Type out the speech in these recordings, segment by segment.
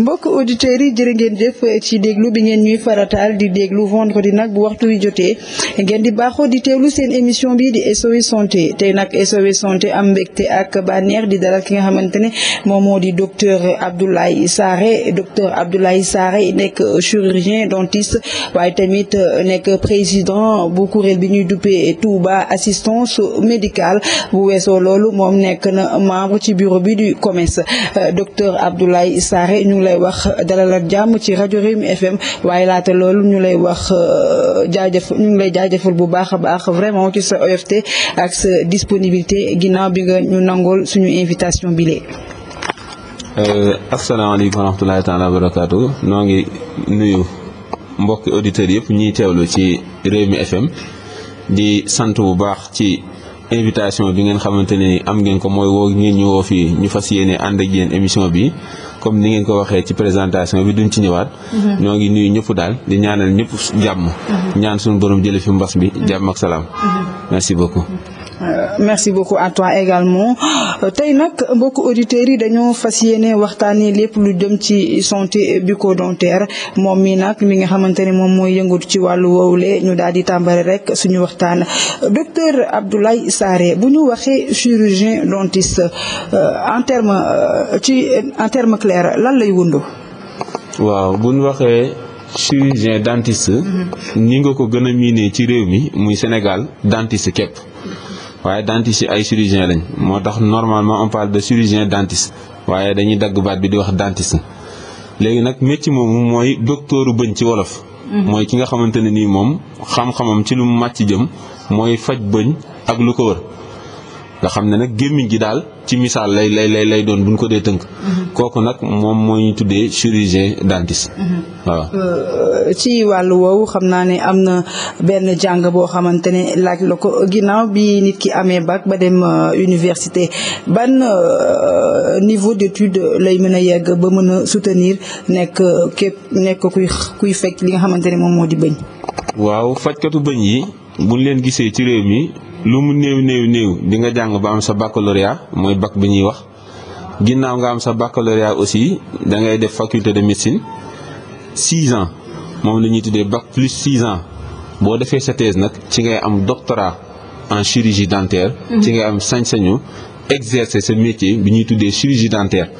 mbokk auditeurs yi jërë ngeen jëf ci déglu bi ngeen ñuy farataal di déglu vendredi nag bu waxtu wi jotee ngeen di baaxoo di teewlu seen émission bi di SOS santé tey nag SOS santé am mbégte ak bànneex di dalal ki nga xamante ne moom moo di docteur Abdoulaye Sarré docteur Abdoulaye Sarré nekk chirurgien dentiste waaye tamit nekk président bu kuréel bi ñuy duppee Touba assistance médical bu weesoo loolu moom nekk na membre ci bureau bi du commerce docteur Abdoulaye Sarré ngi lay wax dalal ak jàmm ci rajo mi FM waaye laata loolu ñu lay wax euh, jaajëf ñu lay jaajëfal bu baax a baax vraiment ci sa OFT ak sa disponibilité ginnaaw bi nga ñu nangool suñu invitation bi lee euh, asalaamaaleykum wa rahmatulahi taala wa barakaatu noo ngi nuyu mbokki auditeurs yëpp ñiy teewlu ci mi FM di sant bu baax ci invitation bi ngeen xamante ne am ngeen ko mooy woo ngeen ñu woo fii ñu fas yéene ànd ak yéen émission bi comme ni ngeen ko waxee ci présentation bi duñ ci ñëwaat mhm. ñoo ngi nuyu ñëpp daal di ñaanal ñëpp jàmm mhm. ñaan suñu borom jële fi mbas bi jàmm ak salaam mhm. merci beaucoup Euh, merci beaucoup à toi également euh, tey nag mbokk auditeurs yi dañoo fas yéene waxtaanee lépp lu jëm ci santé bucco-dentaire moom mi nag mi nga xamante ne moom mooy yëngatu ci wàllu woowule ñu daal di tàmbale rek suñu waxtaan docteur Abdoulaye Saré bu ñu waxee chirurgien dentiste euh, en terme ci en terme clair lan lay wundu waaw bu ñu waxee chirurgien dentiste. Mhm. ni nga ko gën miinee ci réew mi muy Sénégal dentiste képp. waaye dentiste yi ay chirurgien lañ moo tax normalement on parle de chirurgien dentiste waaye dañuy dagg baat bi di wax dentiste léegi nag métier moomu mooy doktooru bëñ ci wolof. Mhm. mooy ki nga xamante ne nii moom xam-xamam ci lu màcc jëm mooy faj bëñ ak lu ko wër. nga xam ne nag gémmiñ gi daal ci misaal lay lay lay doon buñ ko dee tënk. Mm-hmm. kooku nag moom mooy ñu tuddee chirurgien dentiste. Mm-hmm. waaw euh, ci wàllu wow xam naa ne am na benn jàng boo xamante ne laaj la ko ginnaaw bi nit ki amee bac ba dem euh, université ban euh, niveau d'étude lay mën a yegg ba mën a soutenir nekk képp nekk kuy kuy fekk li nga xamante ne moom moo di bëñ. waaw fajkatu bëñ yi buñ leen gisee ci réew mi. lu mu néew néew néew di nga jàng ba am sa baccalauréat mooy bac bi ñuy wax ginnaaw nga am sa baccalauréat aussi da ngay def faculté de médecine six ans moom la ñuy tuddee bac plus six ans boo defee sa thèse nag ci ngay am doctorat en chirurgie dentaire. Mhm. ci ngay am sañ-sañu exercer sa métier bi ñuy tuddee chirurgie dentaire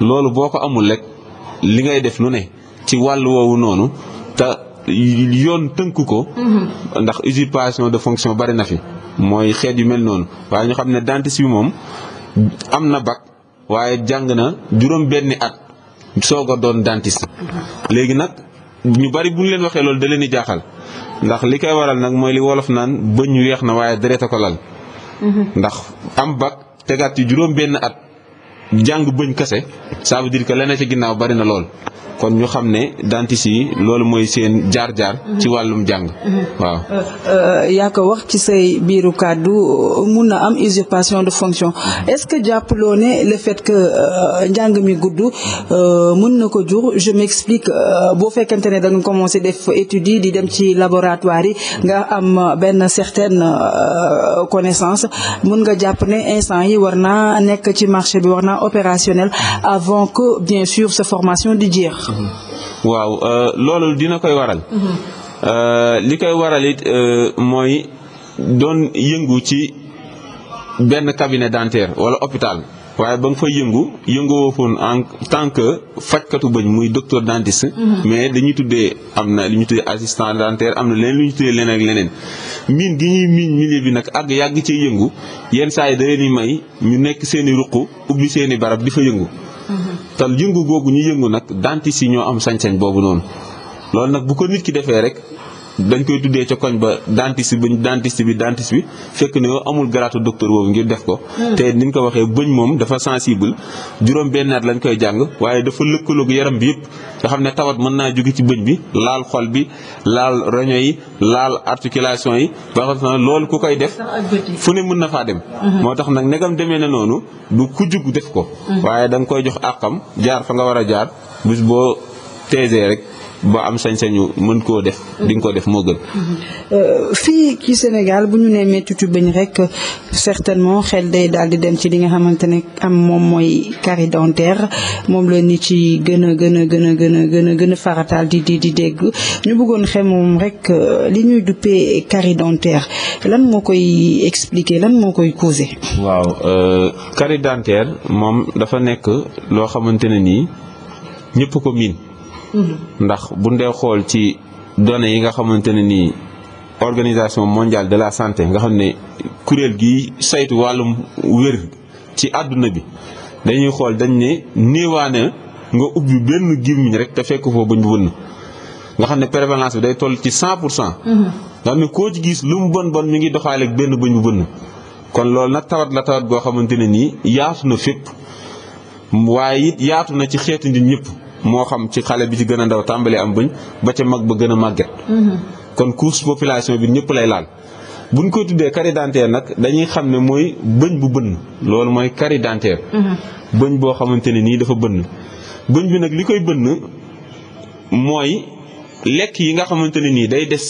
loolu boo ko amul rek li ngay def lu ne ci wàll woowu noonu te yoon tënk ko. Mhm. ndax usurpation de fonction bari na fi. mooy xeet yu mel noonu waaye ñu xam ne dentiste bi moom am na bac waaye jàng na juróom benni at soog a doon dentiste léegi nag ñu bari bu ñu leen waxee loolu da leen di jaaxal ndax li koy waral nag mooy li wolof naan bëñ weex na waaye deret ko lal ndax am bac tegaat ci juróom benn at jàng bëñ kase saabu veut que leneen ci ginnaaw bari na lool kon ñu xam ne dentiste yi loolu mooy seen jaar-jaar. Mhm. ci wàllum jàng. Mhm. waaw. Euh, euh, yaa ko wax ci say biiru kàddu mun na am usurpation de fonction mhm. est-ce que jàppaloo ne le fait que euh, njàng mi gudd mun na ko jur je m'explique boo fekkente ne da nga def études yi di dem ci laboratoire yi nga am benn certaine connaissance mun nga jàpp ne instant yi war naa nekk ci marché bi war naa opérationnel avant que bien sûr sa formation di jeex. Mhm. waaw euh, loolu dina koy waral. Mhm. Euh, li koy waral it euh, mooy doon yëngu ci benn cabinet dentaire wala hôpital waaye ba nga fay yëngu yëngu woo foon en tant que fajkatu bëñ muy docteur dentiste. Mhm. mais dañuy tuddee am na lu ñu tuddee assistant dentaire am na leneen lu ñu tuddee leneen ak leneen. miin gi ñuy miin milieu bi nag àgg yàgg ci yëngu yenn saa yi da leen may ñu nekk seeni i ruq ubbi seen barab di fa yëngu. te yëngu googu ñu yëngu nag dentiste si ñoo am sañ-sañ boobu noonu loolu nag bu ko nit ki defee rek dañ koy tuddee ca koñ ba dentiste bi dentiste bi dentiste bi fekk ne amul garaatu docteur boobu ngir def ko. Hmm. te niñ ko waxee bëñ moom dafa sensible juróom benn at lañ koy jàng waaye dafa lëkkaloog yaram bi yëpp nga xam ne tawat mën naa jóge ci bëñ bi laal xol bi laal roño yi laal articulation yi ba xam loolu ku koy def. fu ne mën na faa dem. Hmm. moo tax nag negam demee na noonu du ku jug def ko. Hmm. waaye da nga koy jox àqam jaar fa nga war a jaar bis boo teesee rek. ba am sañ-sañu mën koo def. di ko def moo gën. Euh, fii ci Sénégal bu ñu nee méttiitu bañ rek certainement xel day daal di dem ci li nga xamante ne am moom mooy carie dentaire moom la nit ci gën a gën a gën a gën a gën a gën a farataal di di di dégg ñu bëggoon xam moom rek euh, li ñuy duppee carie dentaire lan moo koy expliquer lan moo koy causer. waaw euh, carie dentaire moom dafa nekk loo xamante ne nii ñëpp ko miin. ndax buñ dee xool ci données yi nga xamante ne nii organisation mondiale de la santé nga xam ne kuréel gi saytu wàllum wér ci àdduna bi dañuy xool dañ ne néewaane nga ubbi benn gémmiñ rek te fekk foofu bañ bu wën nga xam ne prévalence bi day toll ci cent pour cent mhm. nga xam ne koo ci gis lu mu bon bon mi ngi doxaale benn bëñ bu bënn kon loolu nag tawat la tawat goo xamante ne nii yaatu na fépp waaye it yaatu na ci xeetu nit ñëpp moo xam ci xale bi ci gën a ndaw tàmbali am bëñ ba ca mag ba gën a màgget mm-hmm. kon couche population bi ñëpp lay laal buñ ko tuddee carie dentaire nag dañuy xam ne mooy bëñ bu bënn loolu mooy carie dentaire mm-hmm. bëñ boo xamante ne nii dafa bënn bëñ bi nag li koy bënn mooy lekk yi nga xamante ne nii day des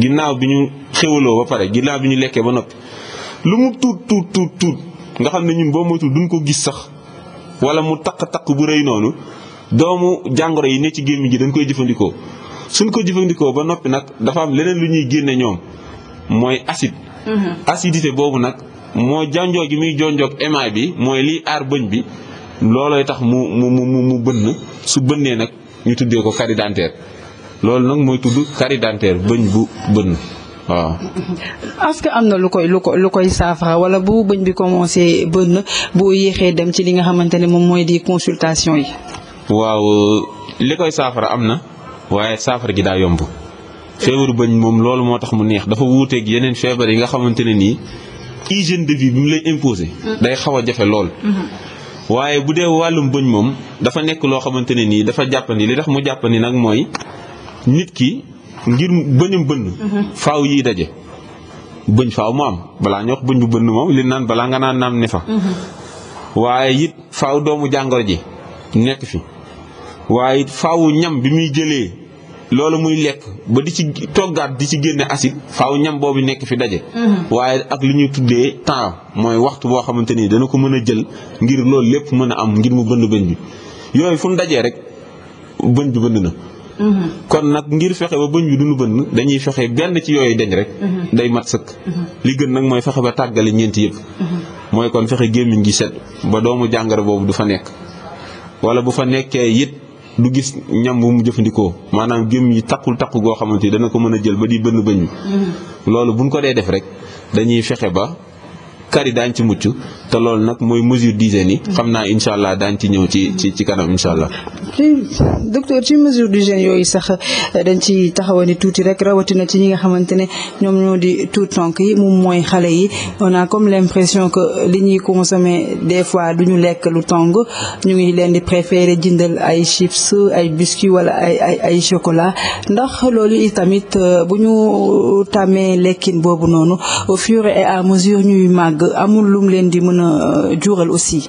ginnaaw bi ñu xewaloo ba pare ginnaaw bi ñu lekkee ba noppi lu mu tuut tuut tuut tuut nga xam ne ñun boo moytu duñ ko gis sax wala mu taq takk bu rëy noonu doomu jàngoro yi ne ci gémmiñ gi dañ koy jëfandikoo suñ ko jëfandikoo ba noppi nag dafa am leneen lu ñuy génne ñoom mooy acide. Mm-hmm. acidité boobu nag moo jonjoo gi muy jonjoog émail bi mooy lii aar bëñ bi loolooy tax mu mu mu mu bënn su bënnee nag ñu tuddee ko carie dentaire loolu nag mooy tudd carie dentaire bëñ bu bënn waaw. Mm-hmm. est que am na lu koy lu ko lu koy saafara wala bu bëñ bi commencé bënn boo yéexee dem ci li nga xamante ne moom mooy di consultation yi. waaw li koy saafara am na waaye saafara gi daa yomb feebaru bëñ moom loolu moo tax mu neex dafa wuuteeg yeneen feebar yi nga xamante ne nii hygiène de vie bi mu lay imposé mm-hmm. day xaw a jafe lool mm-hmm. waaye bu dee wàllum bëñ moom dafa nekk loo xamante ne nii dafa jàppandi li tax mu jàppandi nag mooy nit ki ngir bëñum bënn mm-hmm. faaw yiy daje bëñ faaw mu am balaa ñu wax bëñ bu bënn moom li naan balaa nga naan naam ne fa waaye it faaw doomu jàngoro ji nekk fi waaye faw ñam bi muy jëlee loolu muy lekk ba di ci toggaat di ci génne acide faw ñam boobu nekk fi daje. Mm-hmm. waaye ak li ñuy tuddee temps mooy waxtu boo xamante ni dana ko mën a jël ngir loolu lépp mën a am ngir mu bënn bëñ bi yooyu fu mu dajee rek bëñ bi bënd na. Mm-hmm. kon nag ngir fexe ba bëñ bi duñu bënd dañuy fexe benn ci yooyu deñ rek. Mm-hmm. day mat sëkk. li gën nag mooy fexe ba tàggale ñeenti yëpp. mooy kon fexe gémmiñ gi set ba doomu jàngoro boobu du fa nekk wala bu fa nekkee it. du gis ñam bu mu jëfandikoo maanaam gém yi takkul taqu goo xamante ni dana ko mën a jël ba di bënn bëñ mi mm. loolu buñ ko dee def rek dañuy fexe ba kari daañ ci mucc te loolu nag mooy mesure d'hygiène yi mm. xam naa incha allah daañ ci ñëw ci ci ci kanam incha docteur ci mesure d'hygiène yooyu sax eh, dañ ci taxawani tuuti rek rawatina ci ñi nga xamante ne ñoom ñoo di tuut tonk yi moom mooy xale yi on comme l'impression que li ñuy consommer des fois du ñu lekk lu tong ñu ngi leen di préférer jëndal ay chips ay biscuits wala ay ay ay chocolat ndax loolu itamit eh, bu ñu tàmmee lekkin boobu noonu au fur et à mesure ñuy màgg amul lum leen di mën a eh, jural aussi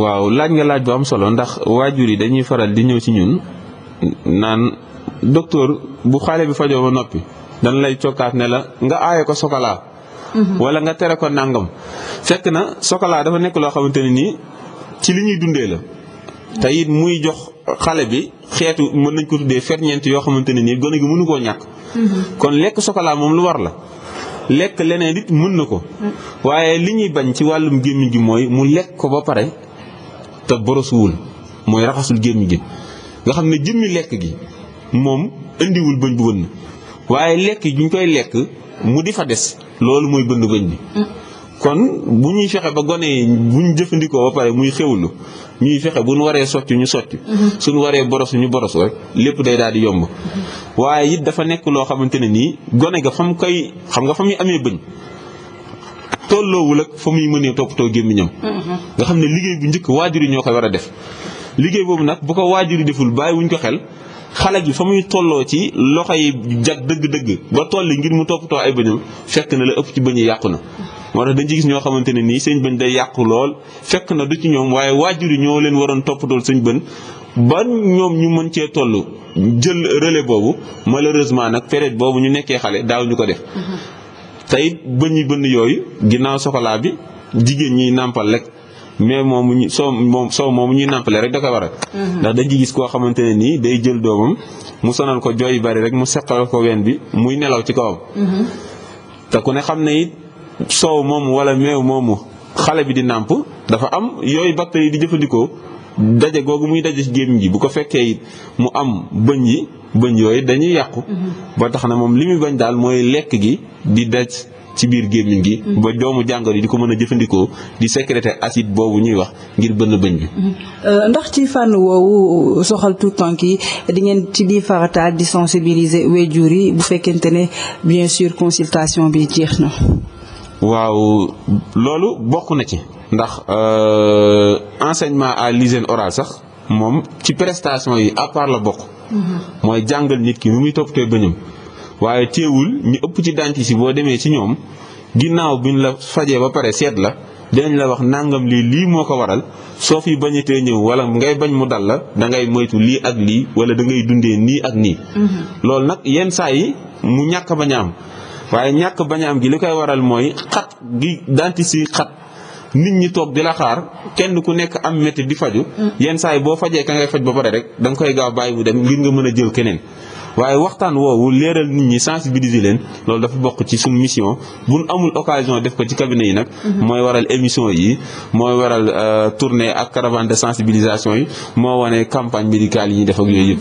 waaw laaj nga laaj bu am solo ndax waajur yi dañuy faral di ñëw ci ñun naan docteur bu xale bi fajoo ba noppi dañ lay cokkaat ne la nga aaye ko sokolaa mhm. wala nga tere ko nàngam fekk na sokalaa dafa nekk loo xamante ne nii ci li ñuy dundee la mhm. te it muy jox xale bi xeetu mën nañ ko tuddee ferñeent yoo xamante ne nii gone gi mënu koo ñàkk mhm. kon lekk sokalaa moom lu war la lekk leneen it mën na ko waaye li ñuy bañ ci wàllum gémmiñ gi mooy mu lekk ko ba pare te borosuwul mooy raxasul gémmiñ gi nga xam ne jëmmi lekk gi moom indiwul bëñ bu bënn waaye lekk yi ñu koy lekk mu di fa des loolu mooy bënn bëñ bi kon bu ñuy fexe ba gone yi bu ñu jëfandikoo ba pare muy xewlu ñuy fexe bu nu waree socc ñu socc mm-hmm. suñu waree boros ñu boros rek lépp day daal di yomb mm-hmm. waaye it dafa nekk loo xamante ne nii gone ga fa mu koy xam nga fa muy amee bëñ tolloowul ak fa muy mënee toppatoo gémmiñam mm-hmm. nga xam ne liggéey bu njëkk waajur yi ñoo ko war a def liggéey boobu nag bu ko waajur yi deful bàyyi wuñ ko xel xale ji fa muy tolloo ci loxo yi jag dëgg-dëgg ba tolli ngir mu toppatoo ay bëñam fekk na la ëpp ci bëñ yi yàqu na moo tax dañ gis ñoo xamante ne nii seen bëñ day yàqu lool fekk na du ci ñoom waaye waajur yi ñoo leen waroon toppatoo seen bëñ ba ñoom ñu mën cee toll jël relais boobu malheureusement nag période boobu ñu nekkee xale daaw ñu ko def mm-hmm. tey bëñ yi bënn yooyu ginnaaw sokolaa bi jigéen ñiy nàmpal rek mais moomu ñu soo moom soo moomu ñuy nàmpale rek da ko waral mhm. ndax dañ ci gis koo xamante ne nii day jël doomam mu sonal ko jooy bari rek mu seqal ko wen bi muy nelaw ci kawam. Mhm. te ku ne xam ne it soow moomu wala meew moomu xale bi di nàmp dafa am yooyu bactéries di jëfandikoo. daje googu muy daje ci gémmiñ gi bu ko fekkee it mu am bëñ yi bëñ yooyu dañuy yàqu mm-hmm. ba tax na moom li muy bañ daal mooy lekk gi di daj ci biir gémmiñ gi mm-hmm. ba doomu jàngoro yi di ko mën a jëfandikoo di sécréter acide boobu ñuy wax ngir bënn bëñ bi mm-hmm. euh, ndax ci fànn woowu soxal tout temps yi di ngeen ci di farataal di sensibiliser waajur yi bu fekkente ne bien sûr consultation bi jeex na waaw loolu bokk na ci ndax euh, enseignement à l'hygiène orale sax moom ci prestation yi à la bokk. Mm-hmm. mooy jàngal nit ki nu muy toppatee bëñam waaye teewul ñu ëpp ci dànc si boo demee ci ñoom ginnaaw bi ñu la fajee ba pare seet la dinañ la wax nangam lii lii moo ko waral soo fi bañatee ñëw wala ngay bañ mu dal la da ngay moytu lii ak lii wala dangay dundee nii ak nii. Mm-hmm. loolu nag yenn saa yi mu ñàkk bañ am waaye ñàkk bañam gi li koy waral mooy xat gi dànc si xat. nit ñi toog di la xaar kenn ku nekk am métti di faju yenn saa yi boo fajee ka ngay faj ba pare rek da nga koy gaaw bàyyi mu dem ngir nga mën a jël keneen waaye waxtaan woowu leeral nit ñi sensibiliser leen loolu dafa bokk ci suñ mission buñ amul occasion def ko ci cabinet yi nag mhm. mooy waral émission yi mooy waral euh, tournée ak caravane de sensibilisation yi moo wane campagne médicale yi ñuy def ak yooyu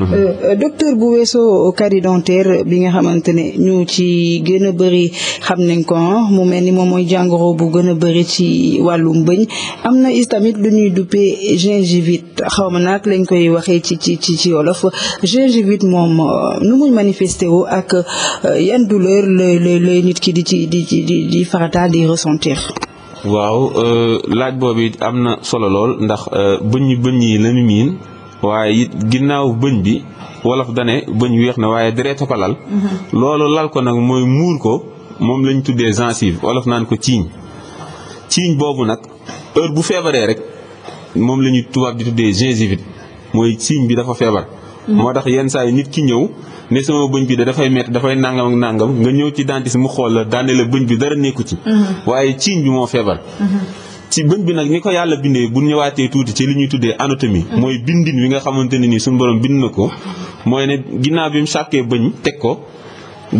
Euh, euh, docteur bu weesoo carie dentaire bi nga xamante ne ñu ci gën a bëri xam nañ ko ah, mu mel ni moom mooy jàngoro bu gën a bëri ci wàllum bëñ am na itamit lu ñuy duppee gingivite xaw ma nag lañ koy waxee ci ci ci ci wolof gingivite moom euh, nu muy manifesté wu ak yan douleur lay lay nit ki di ci di di di farataal di ressentir. waaw laaj boobu am na solo lool ndax bëñ bëñ yi lañu miin. waaye ginnaaw bëñ bi wolof dane bëñ weex na waaye dereeta ko lal mm-hmm. loolu lal ko nag mooy muur ko moom lañ tuddee gencive wolof naan ko ciiñ ciiñ boobu nag heure bu feebaree rek moom lañuy ñuy tubaab di tuddee gingivite mooy ciiñ bi dafa feebar mm-hmm. moo tax yenn saa yi nit ki ñëw ne sama bëñ bi de dafay metti dafay nàngam ak nàngam nga ñëw ci dentiste mu xool la daane la bëñ bi dara nekku ci mm-hmm. waaye ciiñ bi moo feebar ci bën bi nag ñi ko yàlla bindee bu ñëwaatee tuuti ci li ñuy tuddee anatomie mm. mooy bindin wi nga xamante ne nii suñu borom bind na ko mooy ne ginnaaw bi mu sàkkee bëñ teg ko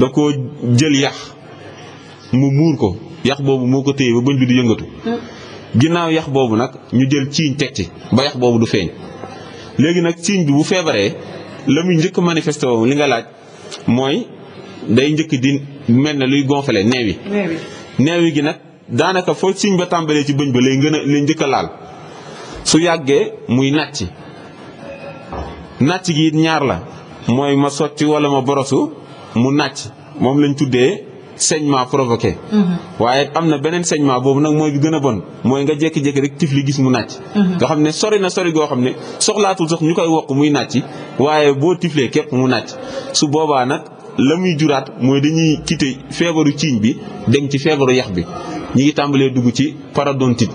da ko jël yax mu muur ko yax boobu moo ko téye ba bëñ bi du yëngatu mm. ginnaaw yax boobu nag ñu jël ciiñ teg ci ba yax boobu du feeñ léegi nag ciiñ bi bu feebaree la muy njëkk manifesté woo li nga laaj mooy day njëkk di mel na luy gonfale neewi neewi gi nag daanaka foo siñ ba tàmbalee ci bëñ bi lay gën a lay njëkk laal su yàggee muy nàcc nàcc gi it ñaar la mooy ma sotti walla ma borosu mu nàcc moom lañ tuddee saignement provoqué. Mm-hmm. waaye am na beneen saignement boobu nag mooy bi gën a bon mooy nga jékki-jékki rek tifli gis mu nàcc. Mm-hmm. nga xam ne sori na sori goo xam ne soxlaatul sax ñu koy wokk muy nàcc waaye boo tiflee képp mu nàcc su boobaa nag la muy juraat mooy dañuy quitté feebaru ciiñ bi dem ci feebaru yax bi. ñu ngi tàmbalee dugg ci parodontite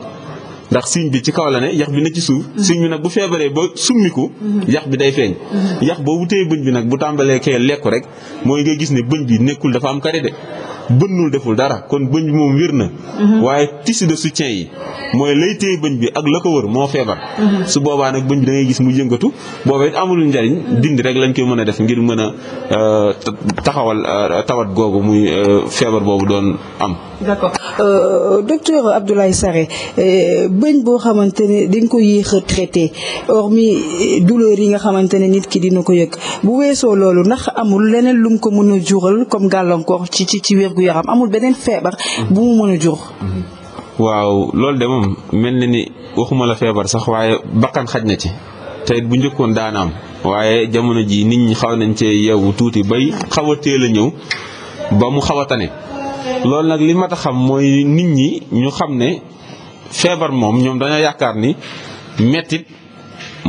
ndax siñ bi ci kaw la ne yax bi na ci suuf mm-hmm. siñ bi nag bu feebaree ba summiku mm-hmm. yax bi day feeñ mm-hmm. yax boo wutee bëñ bi nag bu tàmbalee kee lekku rek mooy nga gis ne bëñ bi nekkul dafa am karite bënnul deful dara kon bëñ bi moom wér na. Mhm. waaye tissu de soutien yi mooy lay téye bëñ bi ak la ko wër moo feebar. Mhm. su boobaa nag bëñ bi da ngay gis mu yëngatu boobaa it amul njariñ dindi rek mën def ngir mën a euh, taxawal euh, tawat googu muy euh, feebar boobu doon am. d'accord docteur Abdoulaye Saré bëñ boo xamante ne dañ ko yéex a traité hormis douleur yi nga xamante ne nit ki dina ko yëg bu weesoo loolu ndax amul leneen lu mu ko mën a jural comme gàllankoor ci ci ci wér wér gu amul beneen feebar bu mu mën a waaw loolu de moom mel na ni waxuma la feebar sax waaye bakkan xaj na ci tey bu njëkkoon daana am waaye jamono ji nit ñi xaw nañ cee yeewu tuuti bay xaw a teel a ñëw ba mu xaw a tane loolu nag li mat a xam mooy nit ñi ñu xam ne feebar moom ñoom dañoo yaakaar ni mettit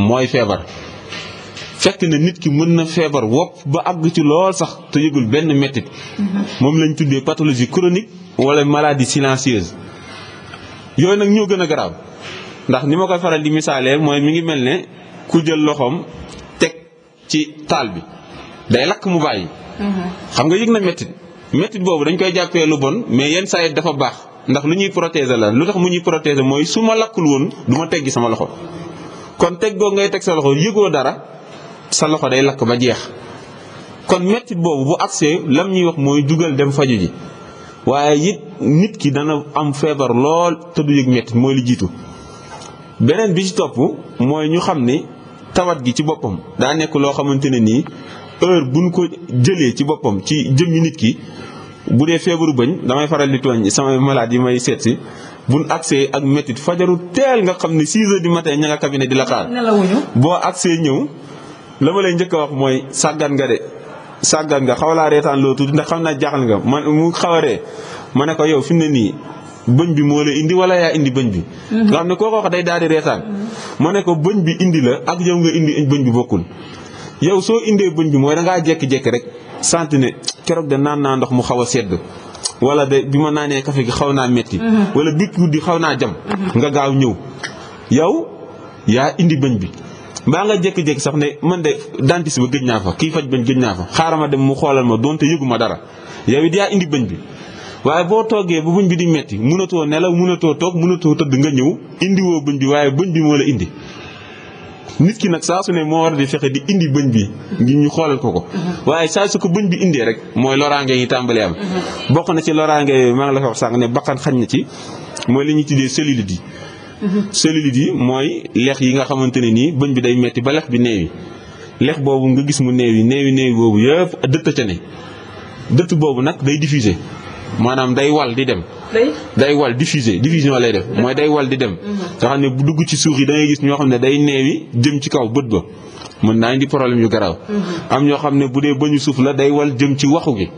mooy feebar fekk na nit ki mën na feebar wopp ba àgg ci lool sax te yëgul benn mettit moom lañ tuddee pathologie chronique wala maladie silencieuse yooyu nag ñoo gën a garaaw ndax ni ma koy faral di misaalee mooy mu ngi mel ne ku jël loxoom teg ci taal bi day lakk mu bàyyi. Mm-hmm. xam nga yëg na mettit mettit boobu dañ koy jàppee lu bon mais yenn saa yi dafa baax ndax lu ñuy protéger la lu tax mu ñuy protéger mooy su ma lakkul woon du ma teggi sama loxo kon teg googu ngay teg sa loxo yëgoo dara. sa loxo day lakk ba jeex kon mettit boobu bu agsee lam ñuy wax mooy jugal dem fajo ji waaye it nit ki dana am feebar lool te du yëg mettit mooy li jiitu beneen bi ci topp mooy ñu xam ni tawat gi ci boppam daa nekk loo xamante ne nii heure bu ñu ko jëlee ci boppam ci jëmmi nit ki bu dee feebaru bëñ damay faral di tooñ samay malade yi may seet si buñ agsee ak métit fajaru teel nga xam ne 6 heures du matin ña nga di la xaar boo agsee ñëw la ma lay njëkk a wax mooy sàggan nga de sàggan nga xaw laa reetaan loo tuuti ndax xam naa jaaxal nga man mu xawaree ma ne ko yow fi mu ne nii bëñ bi moo la indi wala yaa indi bëñ bi. Mhm. nga xam ne ko wax day daal di reetaan. Mhm. ma ne ko bëñ bi indi la ak yow nga indi bëñ bi bokkul. yow soo indee bëñ bi mooy da ngaa jékki-jékki rek sant ne keroog de naan naa ndox mu xaw a sedd. wala de bi ma naanee kafe gi xaw naa metti mhm. wala bi guddi xaw naa jam. nga gaaw ñëw yow yaa indi bëñ bi. baa nga jékki-jékki sax ne man de dentiste ba gëj naa fa kii faj bañ gëj naa fa xaaral ma dem mu xoolal ma donte yëguma dara yow it yaa indi bëñ bi waaye boo toogee ba bëñ bi di metti munatoo nelaw munatoo toog munatoo tëdd nga ñëw indiwoo bëñ bi waaye bëñ bi moo la indi nit ki nag saa su ne moo war di fexe di indi bëñ bi ngir ñu xoolal ko ko mm-hmm. waaye saa su ko bëñ bi indee rek mooy loraangee ngi tàmbalee am mm-hmm. bokk na ci loraange maa ngi la ko wax ne bakkan xañ na ci mooy li ñuy tuddee cellulite yi cellulite yi mooy lex yi nga xamante ne nii bëñ bi day metti ba lex bi neewi lex boobu nga gis mu neewi neewi neewi boobu yëpp dëtt ca ne dëtt boobu nag day diffuser maanaam day wal di dem. day wal diffuser diffusion lay def mooy day wal di dem. Mhm. nga xam ne bu dugg ci suuf yi da ngay gis ñoo xam ne day neewi jëm ci kaw bët ba mën naa indi problème yu garaaw. Mhm. am ñoo xam ne bu dee bañu suuf la day wal jëm ci waxu gi.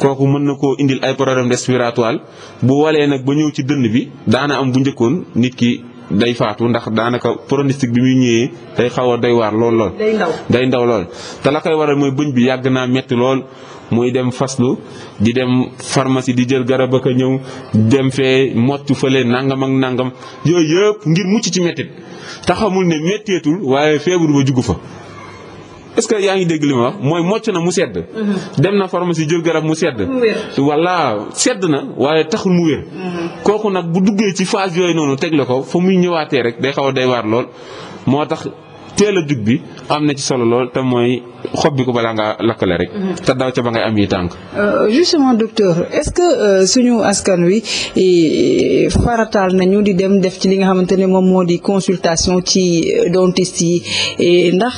kooku mën na koo indil ay problème respiratoire bu walee nag ba ñëw ci dënn bi daana am bu njëkkoon nit ki day faatu ndax daanaka pronostic bi muy ñëwee day xaw a doy waar lool lool. day ndaw lool. te la koy waral mooy bëñ bi yàgg naa metti lool muy dem faslu di dem pharmacie di jël garab ak ñëw dem fee mottu fële nangam ak nangam yooyu yëpp ngir mucc ci mettit te ne métteetul waaye feebar ba juggu fa. est-ce que yaa ngi dégg li ma wax mooy mocc na mu sedd. Mm-hmm. dem na pharmacie jël garab mu sedd. walla sedd na waaye taxul mu wér. Mm-hmm. kooku nag bu duggee ci phase yooyu noonu tegle ko fa muy ñëwaatee rek day xaw a day waar lool moo tax. teel a jug bi am na ci solo lool te mooy xob bi ko balaa ngaa lakkale rek. Mhm. te daw ca ba ngay am yi tànk. Euh, justement docteur est-ce que euh, suñu askan wi farataal nañu di dem def ci li nga xamante ne moom moo di consultation ci euh, dentiste yi ndax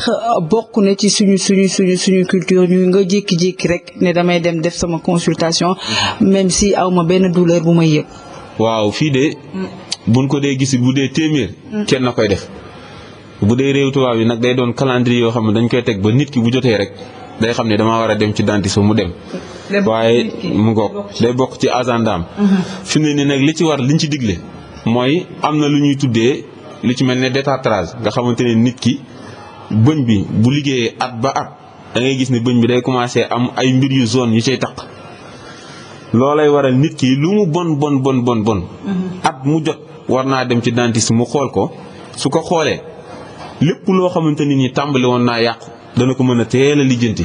bokk na ci suñu suñu suñu suñu culture ñu nga jékki-jékki rek ne damay dem def sama consultation même si aw ma benn douleur bu may yëg. waaw fii de. Mm. buñ ko dee gis bu dee téeméer. Mm. kenn koy def. bu dee réew tubaab yi nag day doon calendrier yoo xam ne dañ koy teg ba nit ki bu jotee rek day xam ne damaa war a dem ci dentiste mu dem. waaye mu ngoog day bokk ci agendaam. Mhm. fi mu ne nii nag li ci war liñ ci digle mooy am na lu ñuy tuddee lu ci mel ne détartrage nga xamante ne nit ki bëñ bi bu liggéeyee at ba at da ngay gis ne bëñ bi day commencé am ay mbir yu zone yu cay taq. loolay waral nit ki lu mu bon bon bon bon bon. Mhm. at mu jot war naa dem ci dentiste mu xool ko su ko xoolee. lépp loo xamante ne nii tàmbali woon naa yàqu dana ko mën a teel a lijjanti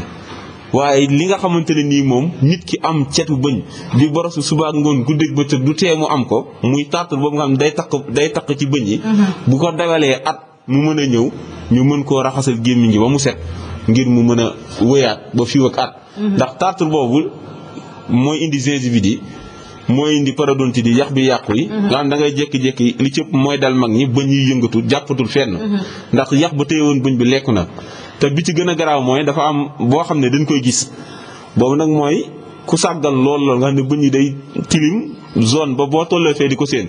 waaye li nga xamante ne nii moom nit ki am cetu bëñ di borosu suba ak ngoon guddeeg bëccëg du tee mu am ko muy tartar boobu nga xam ne day takk day takk ci bëñ yi mm-hmm. bu ko dagalee at mu mën a ñëw ñu mën koo raxasal gémmiñ gi mu set ngir mu mën a wëyaat ba fiw ak at mm-hmm. ndax tartar boobu mooy indi gingivites yi mooy indi parodonti di yax bi yàqu yi mhm. nga xam da ngay jékki-jékki li cëpp mooy dal mag ñi bëñ yi yëngatu jàppatul fenn mhm. ndax yax ba téye woon bëñ bi lekku na te bi ci gën a garaaw mooy dafa am boo xam ne dañ koy gis boobu nag mooy ku sàggal lool lool nga xam ne bëñ yi day tilim zone ba boo tollee fee di ko séen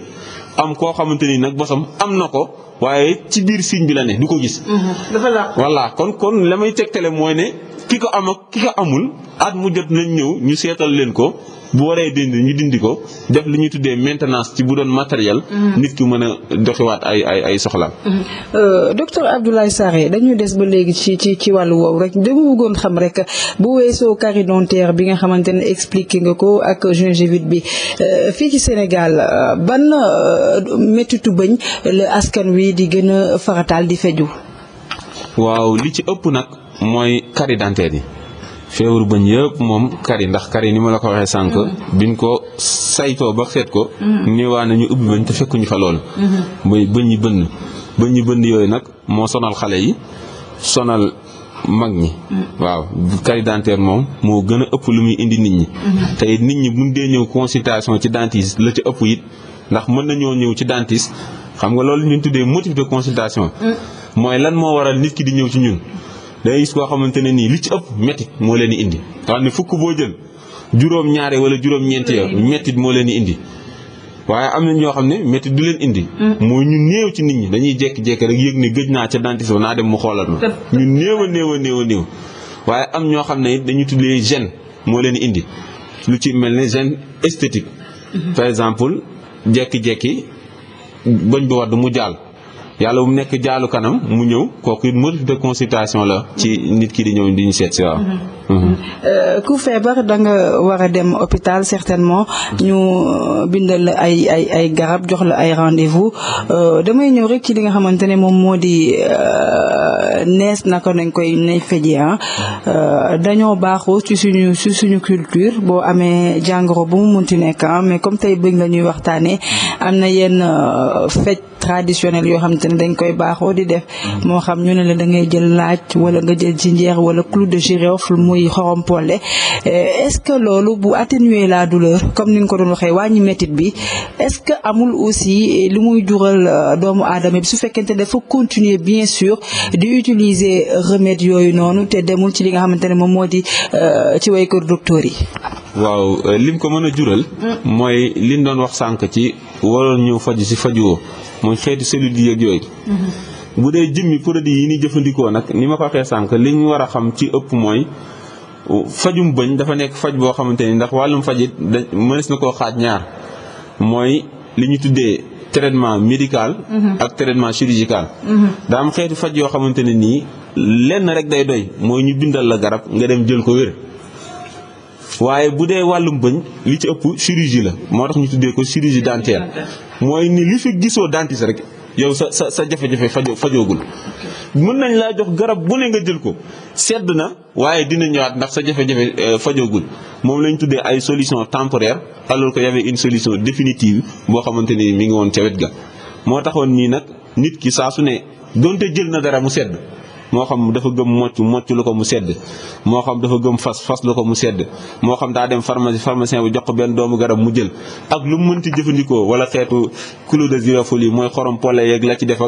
am koo xamante ni nag bosam am na ko waaye ci biir signe bi la ne du ko gis mhm. voilà kon kon la may tegtale mooy ne ki ko am ak ki ko amul at mu jot nañ ñëw ñu seetal leen ko bu waree dindi ñu dindi ko def li ñuy tuddee maintenance ci bu doon matériel. Mm-hmm. nit ki mën a doxiwaat ay ay ay soxlaam. Mm-hmm. Euh, docteur dañu des ba léegi ci ci ci wàllu woowu rek dama bëggoon xam rek bu weesoo carie dentaire bi nga xamante ne expliqué nga ko ak gingivite bi euh, fii ci Sénégal euh, ban méttitu bëñ la askan wi di gën a farataal di feju waaw li ci ëpp nag. mooy carie dentaire yi feebaru bëñ yëpp moom carie ndax carie ni ma la ko waxee sànq. Mm-hmm. biñ ko saytoo ba seet ko. Mm-hmm. néewaa na ñu ubbi bañ te fekkuñu fa loolu. Mm-hmm. muy bëñ yu bënn bëñ yu bënn yooyu nag moo sonal xale yi sonal mag ñi. waaw carie dentaire moom moo gën a ëpp lu muy indi nit ñi. tey nit ñi buñ dee ñëw consultation ci dentiste la ci ëpp it ndax mën nañoo ñëw ci dentiste xam nga loolu ñun tuddee motif de consultation. Mm. mooy lan moo waral nit ki di ñëw ci ñun. day gis koo xamante ne nii li ci ëpp métit moo leen di indi nga fukk boo jël juróom wala juróom ñeenti moo leen di indi waaye am na ñoo xam ne métti du leen indi. Mm. mooy ñu néew ci nit ñi dañuy jékki-jékki rek yëg ne gëj naa ca dentiste naa dem mu xoolal ma. ñu néew a néew a néew a néew. waaye am ñoo xam ne it dañuy tuddee gène moo leen indi lu ci mel ne gène esthétique. Mm-hmm. par exemple jékki-jékki bañ bi wadd mu jàll. yàlla mu nekk jaalu kanam mu ñëw kooku it motif de consultation la ci nit ki di ñëw di ñu seet si waaw mm-hmm. Euh, ku feebar da nga war a dem hôpital certainement ñu euh, bindal la ay ay ay garab jox la ay rendez-vous euh, damay ñëw rek ci li nga xamante ne moom moo di nees naka nañ koy nay fejee ah dañoo baaxoo ci suñu ci suñu culture boo amee jàngoro bu mu munti nekk ah mais comme tey bëgg la ñuy waxtaanee am na yenn fecc traditionnel yoo xamante ne dañ koy baaxoo di def moo xam ñu ne la da ngay jël laaj wala nga jël ci njeex wala clou de girofle muy xorom polle eh, est-ce que loolu bu atténuer la douleur comme ni nga ko doon waxee wàññi métit bi est-ce que amul aussi li muy jural euh, doomu aadama bi su fekkente dafa continuer bien sûr di utiliser remède yooyu noonu te demul ci li nga xamante ne moom moo di euh, ci way kër docteur yi. waaw euh, lim ko mën a jural. Mm. mooy liñ doon wax sànq ci waroon ñëw faju si fajuwoo mooy xeetu cellule yi ak yooyu. Mm-hmm. bu dee jëmmi produit yi ni jëfandikoo nag ni ma ko waxee sànq liñ war a xam ci ëpp fajum bëñ dafa nekk faj boo xamante ni ndax wàllum faj da mënees na koo xaaj ñaar mooy li ñu tuddee traitement médical mhm. ak traitement chirurgical mhm. daa am xeetu faj yoo xamante ne nii lenn rek day doy mooy ñu bindal la garab nga dem jël ko wér waaye bu dee wàllum bëñ li ci ëpp chirurgie la moo tax ñu tuddee ko chirurgie dentaire mooy ni li fi gisoo dentiste rek yow sa sa sa jafe-jafe fajo fajoogul mën nañ laa jox garab bu ne nga jël ko sedd na waaye dina ñëwaat ndax sa jafe-jafe euh, fajogul moom lañu tuddee ay solution temporaire alors que y avait une solution définitive boo xamante ni mi ngi woon ca wet ga moo taxoon nii nag nit ki saa su ne donte jël na dara mu sedd moo xam dafa gëm mocc mocc lu ko mu sedd moo xam dafa gëm fas fas lu ko mu sedd moo xam daa dem pharmacie pharmacien bu jox ko benn doomu garab mu jël ak lu mu mënti jëfandikoo wala xeetu clou de girofle yi mooy xorom pole yeeg la ci def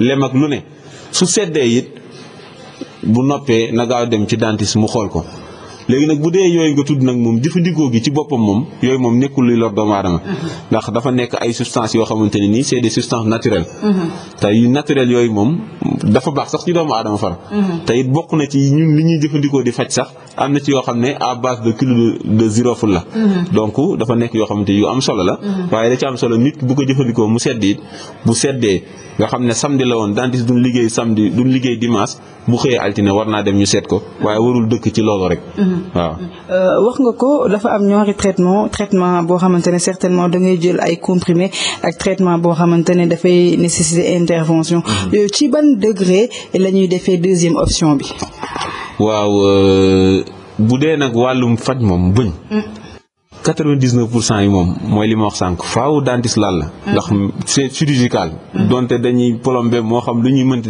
lem ak lu ne su seddee it bu noppee na gaaw dem ci dentiste mu xool ko léegi nag bu dee yooyu nga tudd nag moom jëfandikoo gi ci boppam moom yooyu moom nekkul luy lor doomu adama mm-hmm. ndax dafa nekk ay substance yoo xamante ne nii c'est des substances naturelles mm-hmm. te yu yooyu moom dafa baax sax ci doomu aadama far mm-hmm. te it bokk na ci ñun li ñuy jëfandikoo di faj sax am na ci yoo xam ne à base de kilo de girofle la mhm. donc dafa nekk yoo xamante yu am solo la mhm. waaye da ci am solo nit bu ko jëfandikoo mu sedd it bu seddee nga xam ne samedi la woon dentiste duñ liggéey samedi du liggéey dimanche bu xëyee altine war naa dem ñu seet ko waaye warul dëkk ci loolu rek mhm. waaw euh, wax nga ko dafa am ñaari traitement traitement boo xamante ne certainement da ngay jël ay comprimé ak traitement boo xamante ne dafay nécessiter intervention euh, ci ban degré la ñuy defee deuxième option bi waaw euh, bu dee nag wàllum faj moom bëñ. 99 pour cent yi moom mooy li ma wax sànq faaw dentiste laal la. Mm. ndax c'est chirurgical. Mm. donte dañuy plombé moo xam lu ñuy mënt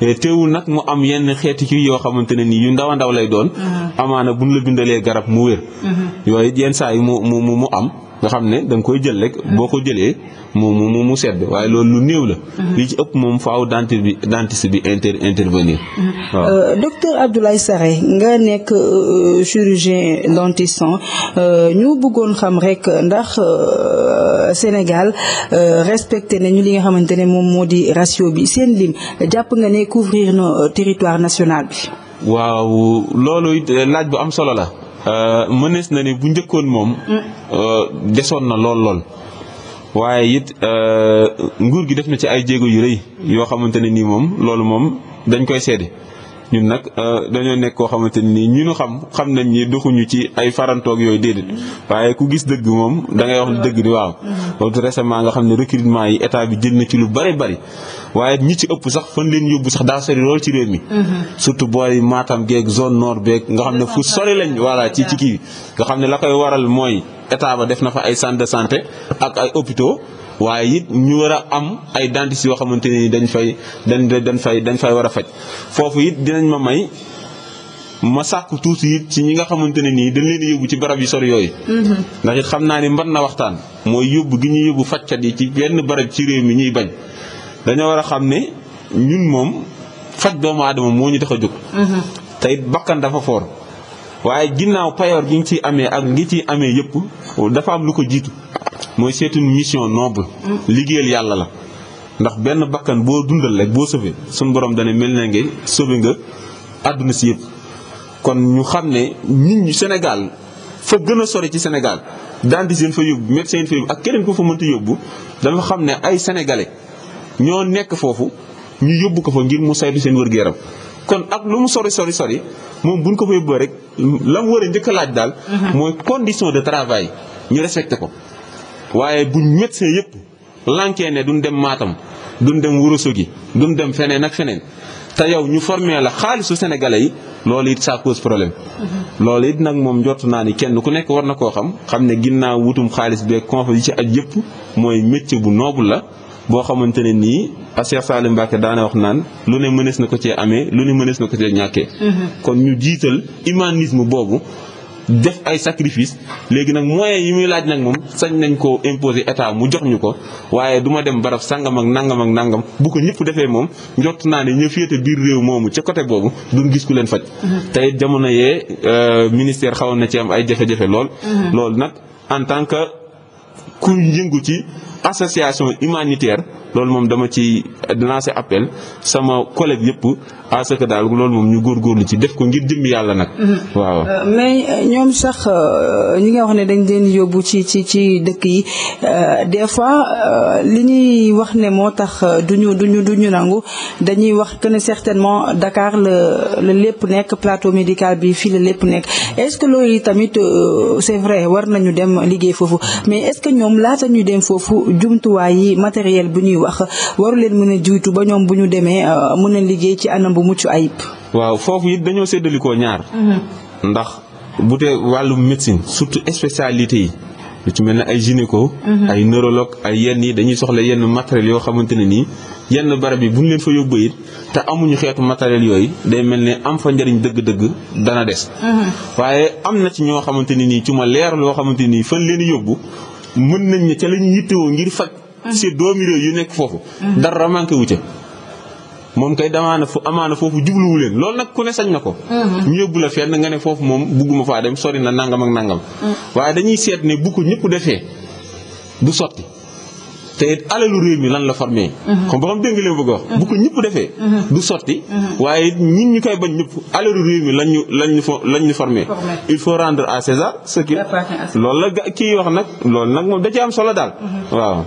de teewul nag mu am yenn xeeti ci yoo xamante ne nii yu ndaw a ndaw lay doon. Mm. amaana buñ la bindalee garab mu wér. Mm-hmm. yooyu yenn saa yi mu mu mu am. nga xam ne da nga koy jël rek boo ko jëlee mu mu mu sedd waaye loolu lu néew la. Mhm. li ci ëpp moom faaw dentiste bi dentiste bi inter intervenir. Mhm. waaw euh, docteur Abdoulaye Saré nga nekk euh, chirurgien dentiste euh, ñu bëggoon xam rek ndax Sénégal respecté nañu li nga xamante ne moom moo di ratio bi seen lim jàpp nga ne couvrir no territoire national bi. waaw loolu laaj bu am solo la. Euh, mënees na ne bu njëkkoon moom mm. euh, desoon na lool lool waaye it euh, nguur gi def na ci ay jéego yu rëy yoo xamante ne nii moom loolu moom dañ koy seede ñun nag euh, dañoo nekk koo xamante ni ñu nu xam xam nañ ni doxuñu ci ay farantoog yooyu déedéet waaye ku gis dëgg moom da ngay wax ne dëgg ni waaw. Mm-hmm. loolu récemment nga xam ne recrutement yi état bi jël na ci lu bari bari waaye ñi ci ëpp sax fan leen yóbbu sax daa sori lool ci réew mi. Mm-hmm. surtout booy Matam geeg zone nord beeg nga xam ne fu sori lañ voilà ci ci kii nga xam ne la koy waral mooy état ba def na fa ay centre de santé ak ay hôpitaux. waaye it ñu war a am ay dentiste yoo xamante ne dañ fay dañ dañ fay dañ fay war a faj foofu it dinañ ma may ma sàkku tuuti it ci ñi nga xamante ne nii dañ leen yóbbu ci barab yi sori yooyu. Mm-hmm. ndax xam naa ni mën na waxtaan. moo yóbbu gi ñuy yóbbu fajkat yi ci benn barab ci réew mi ñuy bañ dañoo war a xam ne ñun moom faj doomu aadama moo ñu tax a jóg. Mm-hmm. te it bakkan dafa foor waaye ginnaaw payoor gi ñu ciy amee ak ngi ciy amee yëpp dafa am lu ko jiitu. mooy c'est une mission noble liggéeyal yàlla la ndax benn bakkan boo dundal rek boo sauvé suñ borom dana mel na nga sauvé nga àdduna si yëpp kon ñu xam ne nit ñi Sénégal fa gën a sori ci senegal daan di seen fa yóbbu médecin fa yóbbu ak keneen ko fa mënta yóbbu dafa xam ne ay sénégalais ñoo nekk foofu ñu yóbbu ko fa ngir mu saytu seen wër gu kon ak lu mu sori sori sori moom buñ ko fa yóbbu rek la mu war njëkk laaj daal. Mhm. mooy condition de travail waaye bu médecin yëpp lankee ne duñ dem Matam duñ dem Ourossogui duñ dem feneen ak feneen te yow ñu formé la xaalisu sénégalais yi loolu it ça cause problème. Mm-hmm. loolu it nag moom njort naa ni kenn ku nekk war na koo xam xam ne ginnaaw wutum xaalis beeg confé yi ci aj yëpp mooy métier bu noble la. boo xamante ne nii Cheikh Salim Mbacke daana wax naan lu ne mënees na ko cee amee lu ne mënees na ko cee ñàkkee. Mm-hmm. kon ñu jiital humanisme boobu def ay sacrifice léegi nag moyens yi muy laaj nag moom sañ nañ ko imposer état mu jox ñu ko waaye duma dem barab sangam ak nangam ak nangam bu ko ñëpp defee moom njott naa ne ñu féete biir réew moomu ca côté boobu du gis ku leen faj. Mm-hmm. tey jamono yee euh, ministère xawoon na ci am ay jafe-jafe lool. Mm-hmm. loolu nag en tant que ku yëngu ci association humanitaire. loolu moom dama ci lancer appel sama collègue yëpp à ce daal loolu moom ñu góor góorlu ci def ko ngir jëmmi yàlla nag. Mm-hmm. waaw euh, mais euh, ñoom sax euh, ñi nga wax ne dañ leen yóbbu ci ci ci dëkk yi des fois li ñuy wax ne moo tax duñu duñu duñu nangu dañuy wax que ne certainement Dakar la la lépp nekk plateau médical bi fii la lépp nekk est-ce que loolu tamit c'est vrai war nañu dem liggéey foofu mais est-ce que ñoom laata ñu dem foofu jumtuwaay yi matériel bu ñuy ñuy wax waru leen mën a jiitu ba ñoom bu ñu demee euh, mën a liggéey ci anam bu mucc ayib. waaw foofu it dañoo séddalikoo ñaar. Mhm. ndax bu dee wàllum médecine surtout spécialité yi. lu ci mel ne ay gynéco mhm. ay neurologue ay yenn yi dañuy soxla yenn matériel yoo xamante ne nii yenn barab yi bu ñu leen fa yóbbu it te amuñu xeetu matériel yooyu day mel ne am fa njariñ dëgg-dëgg dana des mhm. waaye am na ci ñoo xamante nii ci ma leer yoo xamante nii fan leen yóbbu mën nañ ne ca si mhm. doomi réew yu nekk foofu. Mhm. dara manqué wu ca. moom kay damaana fu amaana foofu jubluwu leen loolu nag ku ne sañ na ko. Mhm. ñu yóbbu la fenn nga ne foofu moom bugguma faa dem sori na nangam ak nangam. waaye dañuy seet ne bu ko ñëpp defee du sotti. te alalu réew mi lan la formé. comme ba xam dégg nga bëgg wax. Mhm. bu ko ñëpp defee. Mhm. du sotti. Mhm. waaye ñun ñu koy bañ ñëpp alalu réew mi lañ ñu lañ ñu fo il faut rendre à César ce qui. loolu la ga wax nag loolu nag moom da ci am solo daal. waaw.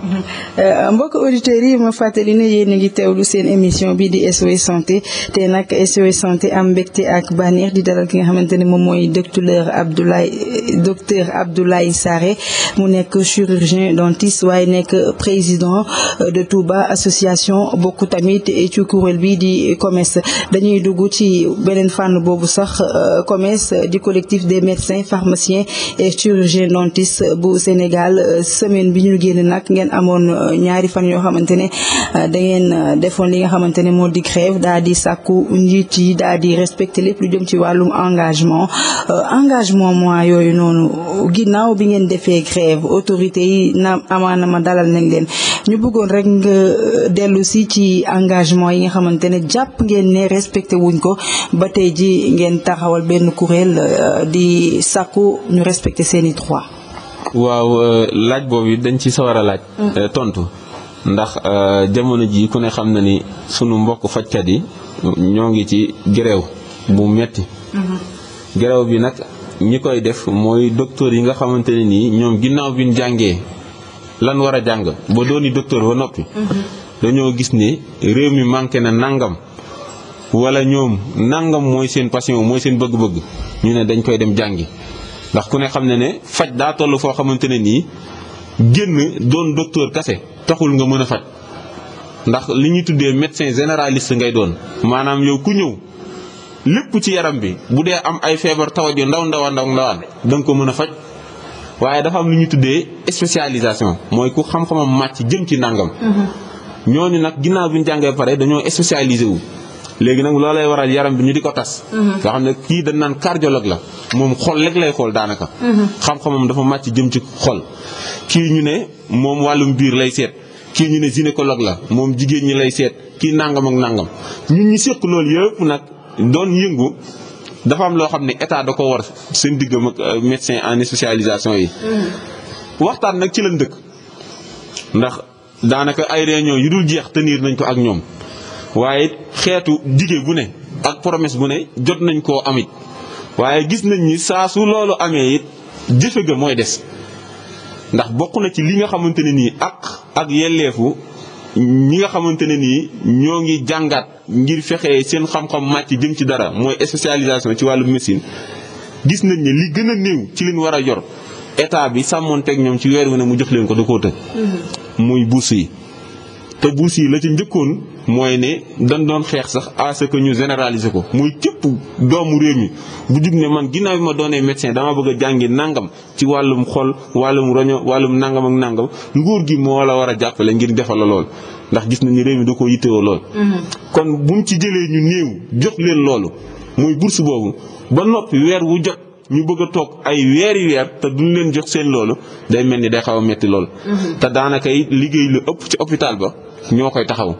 Euh, mbokk auditeurs yi ma fàttali ne yéen a ngi teewlu seen émission bi di SOS santé te nag SOS santé am mbégte ak bànneex di dalal ki nga xamante ne moom mooy docteur Abdoulaye docteur Abdoulaye Sarré mu nekk chirurgien dentiste waaye nekk président euh, de Touba association bokk tamit ci kuréel bi di commerce dañuy dugg ci beneen fànn boobu sax euh, commerce di collectif des médecins pharmaciens et chirurgiens dentistes bu Sénégal euh, semaine bi ñu génn nag ngeen amoon ñaari fan yoo xamante ne da ngeen defoon li nga xamante ne moo di grève daal di sàkku njiit yi daal di respecter lépp lu jëm ci wàllum engagement engagement mooy yooyu noonu ginnaaw bi ngeen defee grève autorité yi na amaana ma ñu bëggoon rek nga euh, dellu si ci engagement yi nga xamante ne jàpp ngeen ne respecté wuñ ko ba tey ji ngeen taxawal benn kuréel euh, di sàkku ñu respecté seen i droit. waaw euh, laaj boobu dañ ci sawar a laaj. Mm. tontu ndax jamono ji ku ne xam na ni sunu mbokk fajkat yi ñoo ngi ci grève bu metti mm-hmm. grève bi nag ñi koy def mooy docteur yi nga xamante ne nii ñoom ginnaaw bi jàngee. lan war a jàng ba dooni docteur ba noppi dañoo gis ne réew mi manqué na nangam wala ñoom nangam mooy seen passion mooy seen bëgg-bëgg ñu ne dañ koy dem jàngi ndax ku ne xam ne ne faj daa toll foo xamante ne nii génn doon docteur kase taxul nga mën a faj ndax li ñuy tuddee médecin généraliste ngay doon maanaam yow ku ñëw lépp ci yaram bi bu dee am ay feebar tawat yu ndaw ndawa ndaw ndawaan da nga ko mën faj waaye dafa am lu ñu tuddee spécialisation mooy ku xam-xamam màcc jëm ci nàngam. Mm-hmm. ñooñu nag ginnaaw bi ñu jàngee pare dañoo spécialisé wu. léegi nag loolu lay waral yaram bi ñu di ko tas. Mm-hmm. nga xam ne kii dañ naan cardiologue la moom xool rek lay xool daanaka. Mm-hmm. xam-xamam dafa màcc jëm ci xool kii ñu ne moom wàllum biir lay seet kii ñu ne gynécologue la moom jigéen ñi lay seet kii nangam ak nangam ñun ñu seq loolu yëpp nag doon yëngu. dafa am loo xam ne état da ko war seen diggam ak euh, médecin en spécialisation yi. Mm-hmm. waxtaan nag ci lañ dëkk. ndax daanaka ay réunion yu dul jeex tenir nañ ko ak ñoom waaye xeetu dige bu ne ak promesse bu ne jot nañ koo am it waaye gis nañ ni saa su loolu amee it jëfe ga mooy des ndax bokk na ci li nga xamante ne nii ak ak yelleefu ñi nga xamante ne nii ñoo ngi jàngaat. ngir fexe seen xam-xam màcc jëm ci dara mooy spécialisation ci wàllu médecine gis nañ ne li gën a néew ci leen war a yor état bi sàmmoon teg ñoom ci weer wu ne mu jox leen ko da koo tëj muy bourse yi te bourse yi la ci njëkkoon mooy ne dañ doon xeex sax à ce que ñu généraliser ko muy képp doomu réew mi bu jug ne man ginnaaw bi ma doonee médecin dama bëgg a jàngi nangam ci wàllum xol wàllum roño wàllum nangam ak nangam nguur gi moo la war a jàppale ngir defal la lool ndax gis nañu réew mi du ko yittewoo lool. Mm-hmm. kon bu mu ci jëlee ñu néew jox leen loolu muy bourse boobu ba noppi weer wu jot ñu bëgg a toog ay weeri weer te duñ leen jox seen loolu day mel ni day xaw a metti lool. Mm-hmm. te daanaka liggéey lu ëpp ci hôpital ba ñoo koy taxaw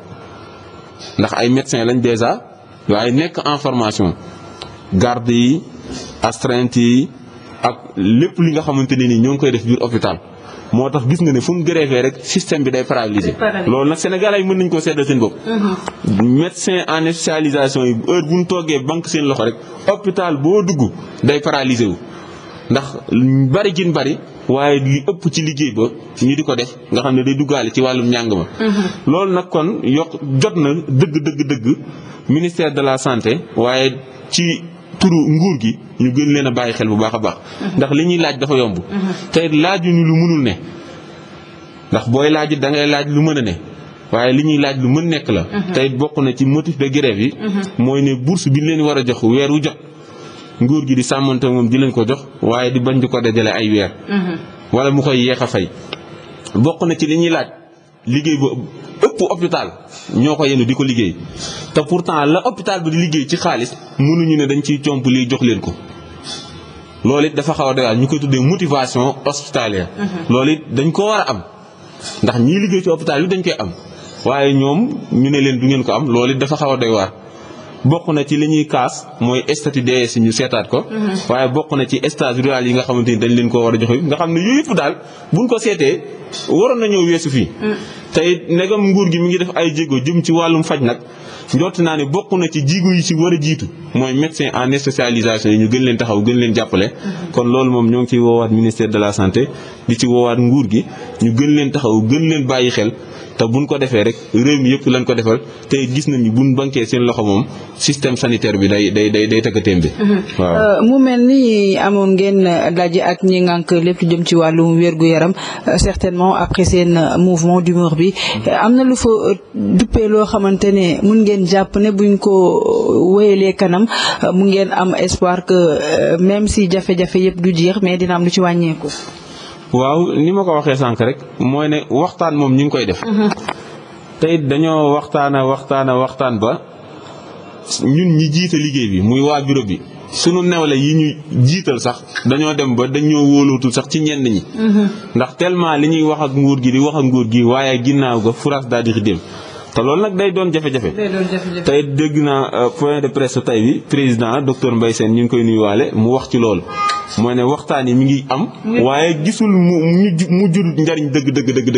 ndax ay médecin lañ déjà waaye nekk en formation garde yi astreinte yi ak lépp li nga xamante ne ni ñoo ngi koy def biir hôpital. moo tax gis nga ne fu mu grève rek système bi day paralysé loolu nag sénégalais yi mën nañu koo seddal seen bopp mhm. médecin en spécialisation yi heure bu ñu toogee banque seen loxo rek hôpital boo dugg day paralysé wu ndax bari gin bari waaye li ëpp ci liggéey ba ñu di ko def nga xam ne day duggaale ci wàllum njàng ma mhm. loolu nag kon yokk jot na dëgg dëgg dëgg ministère de la santé waaye ci turu nguur gi ñu gën leen bàyyi xel bu baax a baax. ndax li ñuy laaj dafa yomb. te laajuñu lu mënul ne ndax booy laaj da ngay laaj lu mën a ne. waaye li ñuy laaj lu mën nekk la. Mhm. tey bokk na ci motif de grève yi. Mhm. mooy ne bourse bi ñu leen war a jox weer wu jot. nguur gi di sàmmante moom di leen ko jox waaye di bañ di ko dajale ay weer. Mhm. wala mu koy yéex a fay. na ci li ñuy laaj. liggéey bu ëpp hôpital ñoo ko yenu di ko liggéey te pourtant la hopital bi di liggéey ci xaalis mënuñu ne dañ ciy jomb lii jox leen ko loolu it dafa xaw a ñu koy tuddee motivation hospitalière. Mhm. loolu it dañ ko war a am ndax ñii liggéey ci hôpital bi dañ koy am waaye ñoom ñu ne leen du ngeen ko am loolu it dafa xaw a doy waar. bokk na ci li ñuy kaas mooy statut si ñu seetaat ko. Mhm. waaye bokk na ci stage rural yi nga xamante ni dañ leen koo war a jox nga xam ne waroon na weesu fii. Mm. te ndegam nguur gi mi ngi def ay jéego jëm ci wàllum faj nag njort naa ne bokk na ci jiigu yi ci war a jiitu mooy médecin en socialisation yi ñu gën leen taxaw gën leen jàppale. Mm-hmm. kon loolu moom ñoo ngi ciy woowaat ministère de la santé di ci woowaat nguur gi ñu gën leen taxaw gën leen bàyyi xel. te buñ ko defee rek réew mi yëpp lañ ko defal te gis nañu buñ bankee seen loxo moom système sanitaire bi day day day day tëkkateem bi. Mm-hmm. waaw euh, mu mel ni amoon ngeen daje ak ñi ngànk lépp jëm ci wàllum wér gu yaram euh, certainement. également après seen euh, mouvement d'humeur bi mm-hmm. am na lu fa euh, duppee loo xamante ne mun ngeen jàpp ne buñ ko euh, wéyalee kanam mu ngeen am espoir que même si jafe-jafe yëpp du jeex mais dina am lu ci wàññeeku. waaw ni ma ko waxee sànq rek mooy ne waxtaan moom ñu ngi koy def. Mm-hmm. tey dañoo waxtaana waxtaana waxtaan ba ñun ñi jiite liggéey bi muy waa bureau bi. sunu newle yi ñu jiital sax dañoo dem ba dañoo wóolootul sax ci ñenn ñi. Mm-hmm. ndax tellement li ñuy wax ak nguur gi di wax ak nguur gi waaye ginnaaw ga furaas daal di dem te loolu nag day doon jafe-jafe. tey dégg naa euh, point de presse tey bi président docteur Mbaye ñu ngi koy nuyuwaale mu wax ci loolu. mooy ne waxtaan yi mi ngi am. waaye gisul mu mu jur njariñ dëgg dëgg dëgg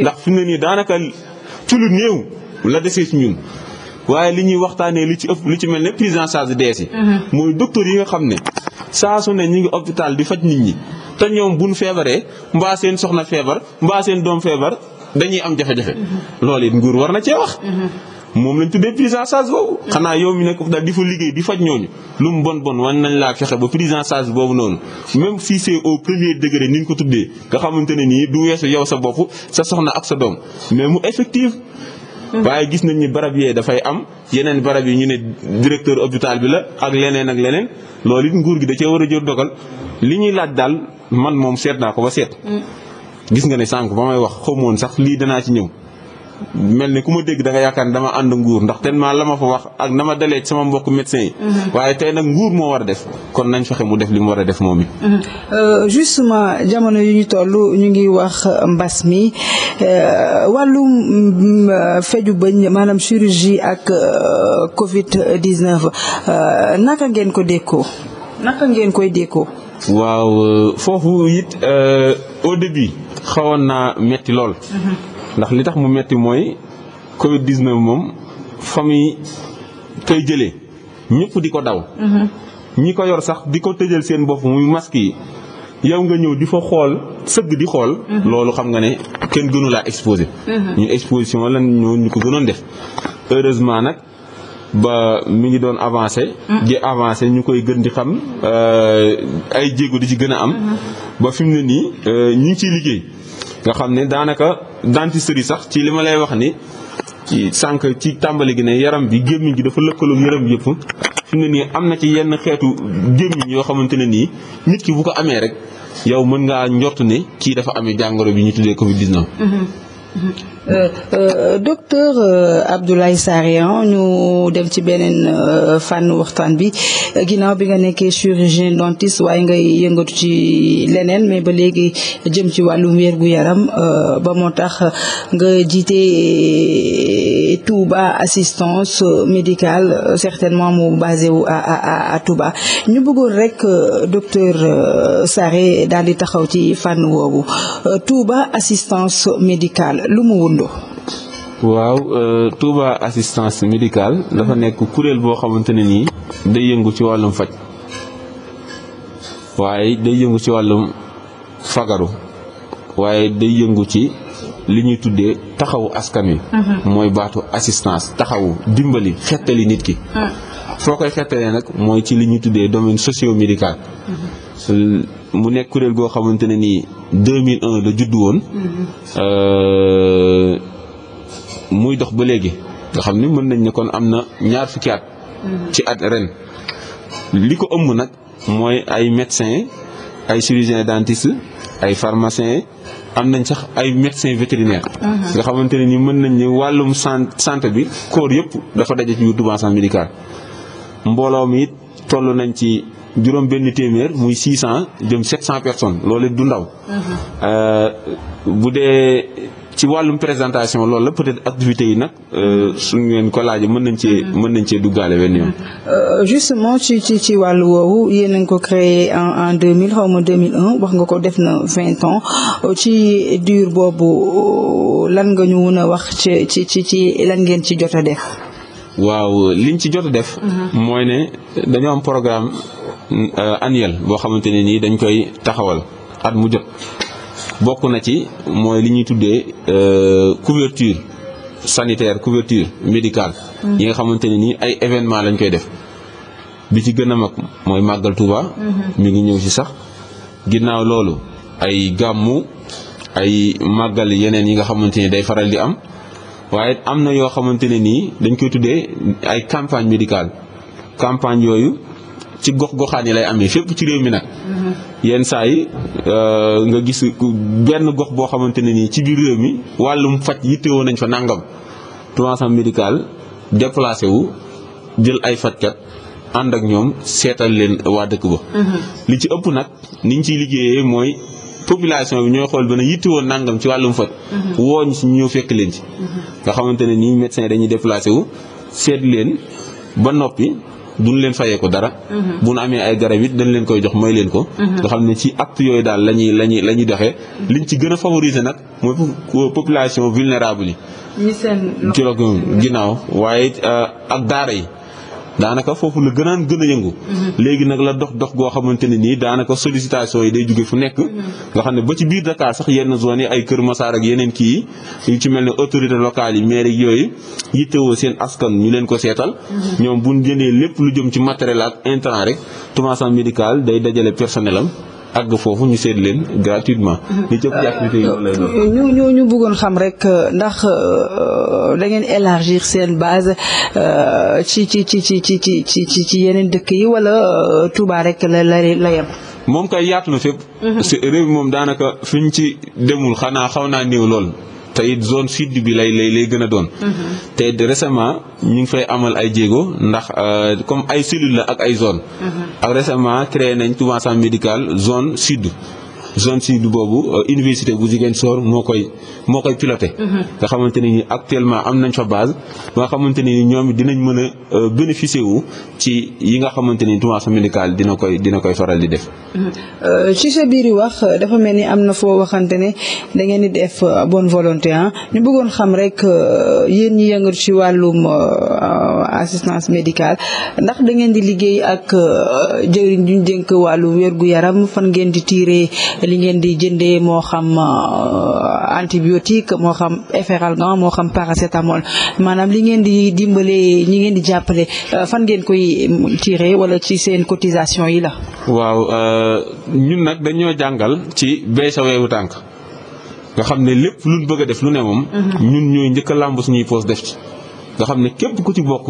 ndax fi ne nii daanaka ci lu néew la desee ci ñun. waaye li ñuy waxtaanee li ci ëpp li ci mel ne prise en charge dees yi mooy mhm. docteur yi nga xam ne saa su ne ñi ngi hôpital di faj nit ñi te ñoom buñ feebaree mbaa seen soxna feebar mbaa seen doom feebar dañuy am jafe-jafe mhm. loolu it nguur war na cee wax mhm. moom lañ tuddee prise en charge boobu xanaa yow mi nekk da di fu liggéey di faj ñooñu lu mu bon bon wan nañ laa fexe ba prise en charge boobu noonu même si c'est au premier degré ni ñu ko tuddee nga xamante ne nii du weesu yow sa bopp sa soxna ak sa doom mais mu effective waaye gis nañ ni barab yee dafay am yeneen barab yi ñu ne directeur hôpital bi la ak leneen ak leneen loolu it nguur gi da cee war a jël dogal li ñuy laaj daal man moom seet naa ko ba seet. Mm. gis nga ne sànq ba may wax xamoon sax lii danaa ci ñëw. mel ni ku ma dégg da nga yaakaar ne dama ànd nguur ndax tellement la ma fa wax ak na ma dalee sama mbokk médecin yi. Mhm. waaye tey nag nguur moo war a def kon nañ fexe mu def li mu war a def moom it. Mhm. Euh, jamono yu toll ñu ngi wax mbas mi euh, wàllum mm, feju bëñ maanaam chirurgie ak euh, Covid 19 naka ngeen ko dékkoo naka ngeen koy dékkoo. waaw it au début xawoon naa metti lool. Mhm. ndax li tax mu metti mooy Covid 19 moom fa muy koy jëlee ñëpp di ko daw. Mm-hmm. ñi ko yor sax di ko tëjal seen bopp muy masque yi yow nga ñëw di fa xool sëgg di xool. Mm-hmm. loolu xam nga ne kenn gënu laa exposé. Mm-hmm. ñu exposition lan ñoo ñu ko gënoon def heureusement nag. ba mi ngi doon avancé. di avancé ñu koy gën di xam euh, ay jéego di ci gën a am. ba fi mu ne nii euh, ñu ngi ciy liggéey. nga xam ne daanaka dentisterie sax ci li ma lay wax ni ci sànq ci tàmbali gi ne yaram bi gémmiñ gi dafa lëkkaloo yaram yëpp fi ne nii am na ci yenn xeetu gémmiñ yoo xamante ne nii nit ki bu ko amee rek yow mën ngaa njort ni kii dafa amee jàngoro bi ñu tuddee Covid 19. Euh, euh, docteur euh, Abdoulaye Sarian ñu dem ci beneen fànn waxtaan bi ginnaaw bi nga nekkee chirurgien dentiste waaye ngay yëngatu ci leneen mais ba léegi jëm ci wàllum wér gu yaram ba moo tax nga jiite Touba assistance médicale certainement mu basé wu à à ñu bëggoon rek docteur Saré daal di taxaw ci fànn woowu Touba assistance médicale lu mu woon Koumba. waaw euh, Touba assistance médicale dafa mm-hmm. nekk kuréel boo xamante ne nii day yëngu ci wàllum faj waaye day yëngu ci wàllum fagaru waaye day yëngu ci li ñuy tuddee taxawu askan wi. Mm-hmm. mooy baatu assistance taxawu dimbali xettali nit ki. Mm-hmm. foo koy xettalee nag mooy ci li ñuy tuddee domaine socio médical. mu nekk kuréel goo xamante ne nii un la juddu woon. Euh, muy dox ba léegi nga xam ni mën nañ ne kon am na ñaar fukki at. ci at ren li ko ëmb nag mooy ay médecins ay chirurgiens dentistes ay pharmaciens am nañ sax ay médecins vétérinaires. Uh-huh. nga xamante ne ni mën nañ ne wàllum sant sant bi corps yëpp dafa daje ci biir Touba Sans médical mbooloo mi nañ ci. juróom benn téeméer muy six cent jëm sept cent personnes loolu du ndaw mhm. euh, bu dee ci wàllum présentation loolu la peut-être activités yi nag euh, su ngeen ko laajee mën nañ cee mhm. mën nañ cee duggaale benn yoon. Mhm. Euh, justement ci ci ci wàllu woowu yéen a ko créé en en deux mille xaw ma deux mille un wax nga ko def na vingt ans ci diir boobu lan nga ñu mën a wax ci ci ci ci lan ngeen ci jot a def. waaw liñ ci jot a def. mooy ne dañoo am programme. Euh, annuel boo xamante ne nii dañ koy taxawal at mu jot bokk na ci mooy li ñuy tuddee euh, couverture sanitaire couverture médical mm. yi nga xamante ne nii ay événement lañ koy def bi ci gën a mag mooy màggal Touba mu mm-hmm. ngi ñëw ci sax ginnaaw loolu ay gàmmu ay màggal yeneen yi nga xamante ni day faral di am waaye am na yoo xamante ne nii dañ koy tuddee ay campagne médicale campagne yooyu ci gox goxaan yi lay amee fépp ci réew mi nag. yenn saa yi euh, nga gis benn gox boo xamante ne nii ci biir réew mi wàllum faj yittewoo nañ fa nangam. tourisme médical déplacé wu jël ay fajkat ànd ak ñoom seetal leen waa dëkk ba. Mm-hmm. li ci ëpp nag niñ ciy liggéeyee mooy. population bi ñooy xool ba ne yitti woon nangam ci wàllum faj mm-hmm. wooñ si ñëw fekk leen ci mm-hmm. nga xamante ne nii médecin dañuy déplacé wu seet leen ba noppi duñ leen fayee ko dara. Mhm. bu amee ay garab it dañ leen koy jox may leen ko. Mhm. nga xam ne ci acte yooyu daal lañuy ñuy la ñuy la ñuy doxee mhm. liñ ci gën a favoriser nag mooy population vulnérable yi. ci ginnaaw waaye euh, ak daara yi. daanaka foofu la gënaan gën yëngu mhm. léegi nag la dox dox goo xamante ne nii daanaka sollicitation yi day jóge fu nekk mhm. nga xam ne ba ci biir dakaar sax yenn zone yi ay Kër Massar ak yeneen kii yi yu ci mel ni autorité locale yi maire yooyu yittewoo seen askan ñu leen ko seetal mhm. ñoom bu ñu jëndee lépp lu jëm ci matériel ak intrant rek Toumassane médical day dajale personnel am àgg foofu ñu seet leen gratuitement. Mhm. li euh, ñu ñu ñu bëggoon xam rek euh, ndax euh, da ngeen seen base ci ci ci ci ci ci ci ci yeneen dëkk yi wala Touba rek la la la yem. moom kay yaatu na fépp. Mhm. réew moom daanaka fi ci demul xanaa xaw naa néew lool. te it zone sud bi lay lay lay gën a doon. Mm-hmm. te récemment ñu ngi fay amal ay jéego ndax euh, comme ay cellule la ak ay zone mm-hmm. ak récemment créé nañ Touba Sam médical zone sud. zone sud boobu euh, université bu Ziguinchor moo koy moo koy piloté. Mhm. nga xamante ne ni actuellement am nañ fa base ba nga xamante ne ni ñoom dinañ mën a euh, bénéficier wu ci yi nga xamante ni tourisme médical dina koy dina koy faral di def. Mhm. Euh, ci sa biir wax dafa mel ni am na foo waxante ne da ngeen di def bonne volonté ah ñu bëggoon xam rek yéen ñi yëngatu ci wàllum. assistance médicale ndax da ngeen di liggéey ak euh, jëriñ duñ dénk wàllu wérgu yaram fan ngeen di tiire li ngeen di jëndee moo xam euh, antibiotique moo xam Efferalgan moo xam paracétamol maanaam li ngeen di dimbalee ñi ngeen di jàppale euh, fan ngeen koy tiiree wala ci seen cotisation yi la. waaw ñun nag dañoo jàngal ci béy sa weewu tànk nga xam ne lépp luñ bëgg a def lu ne moom. Mhm. ñun ñooy njëkk làmb suñuy poos def ci. nga xam ne képp ku ci bokk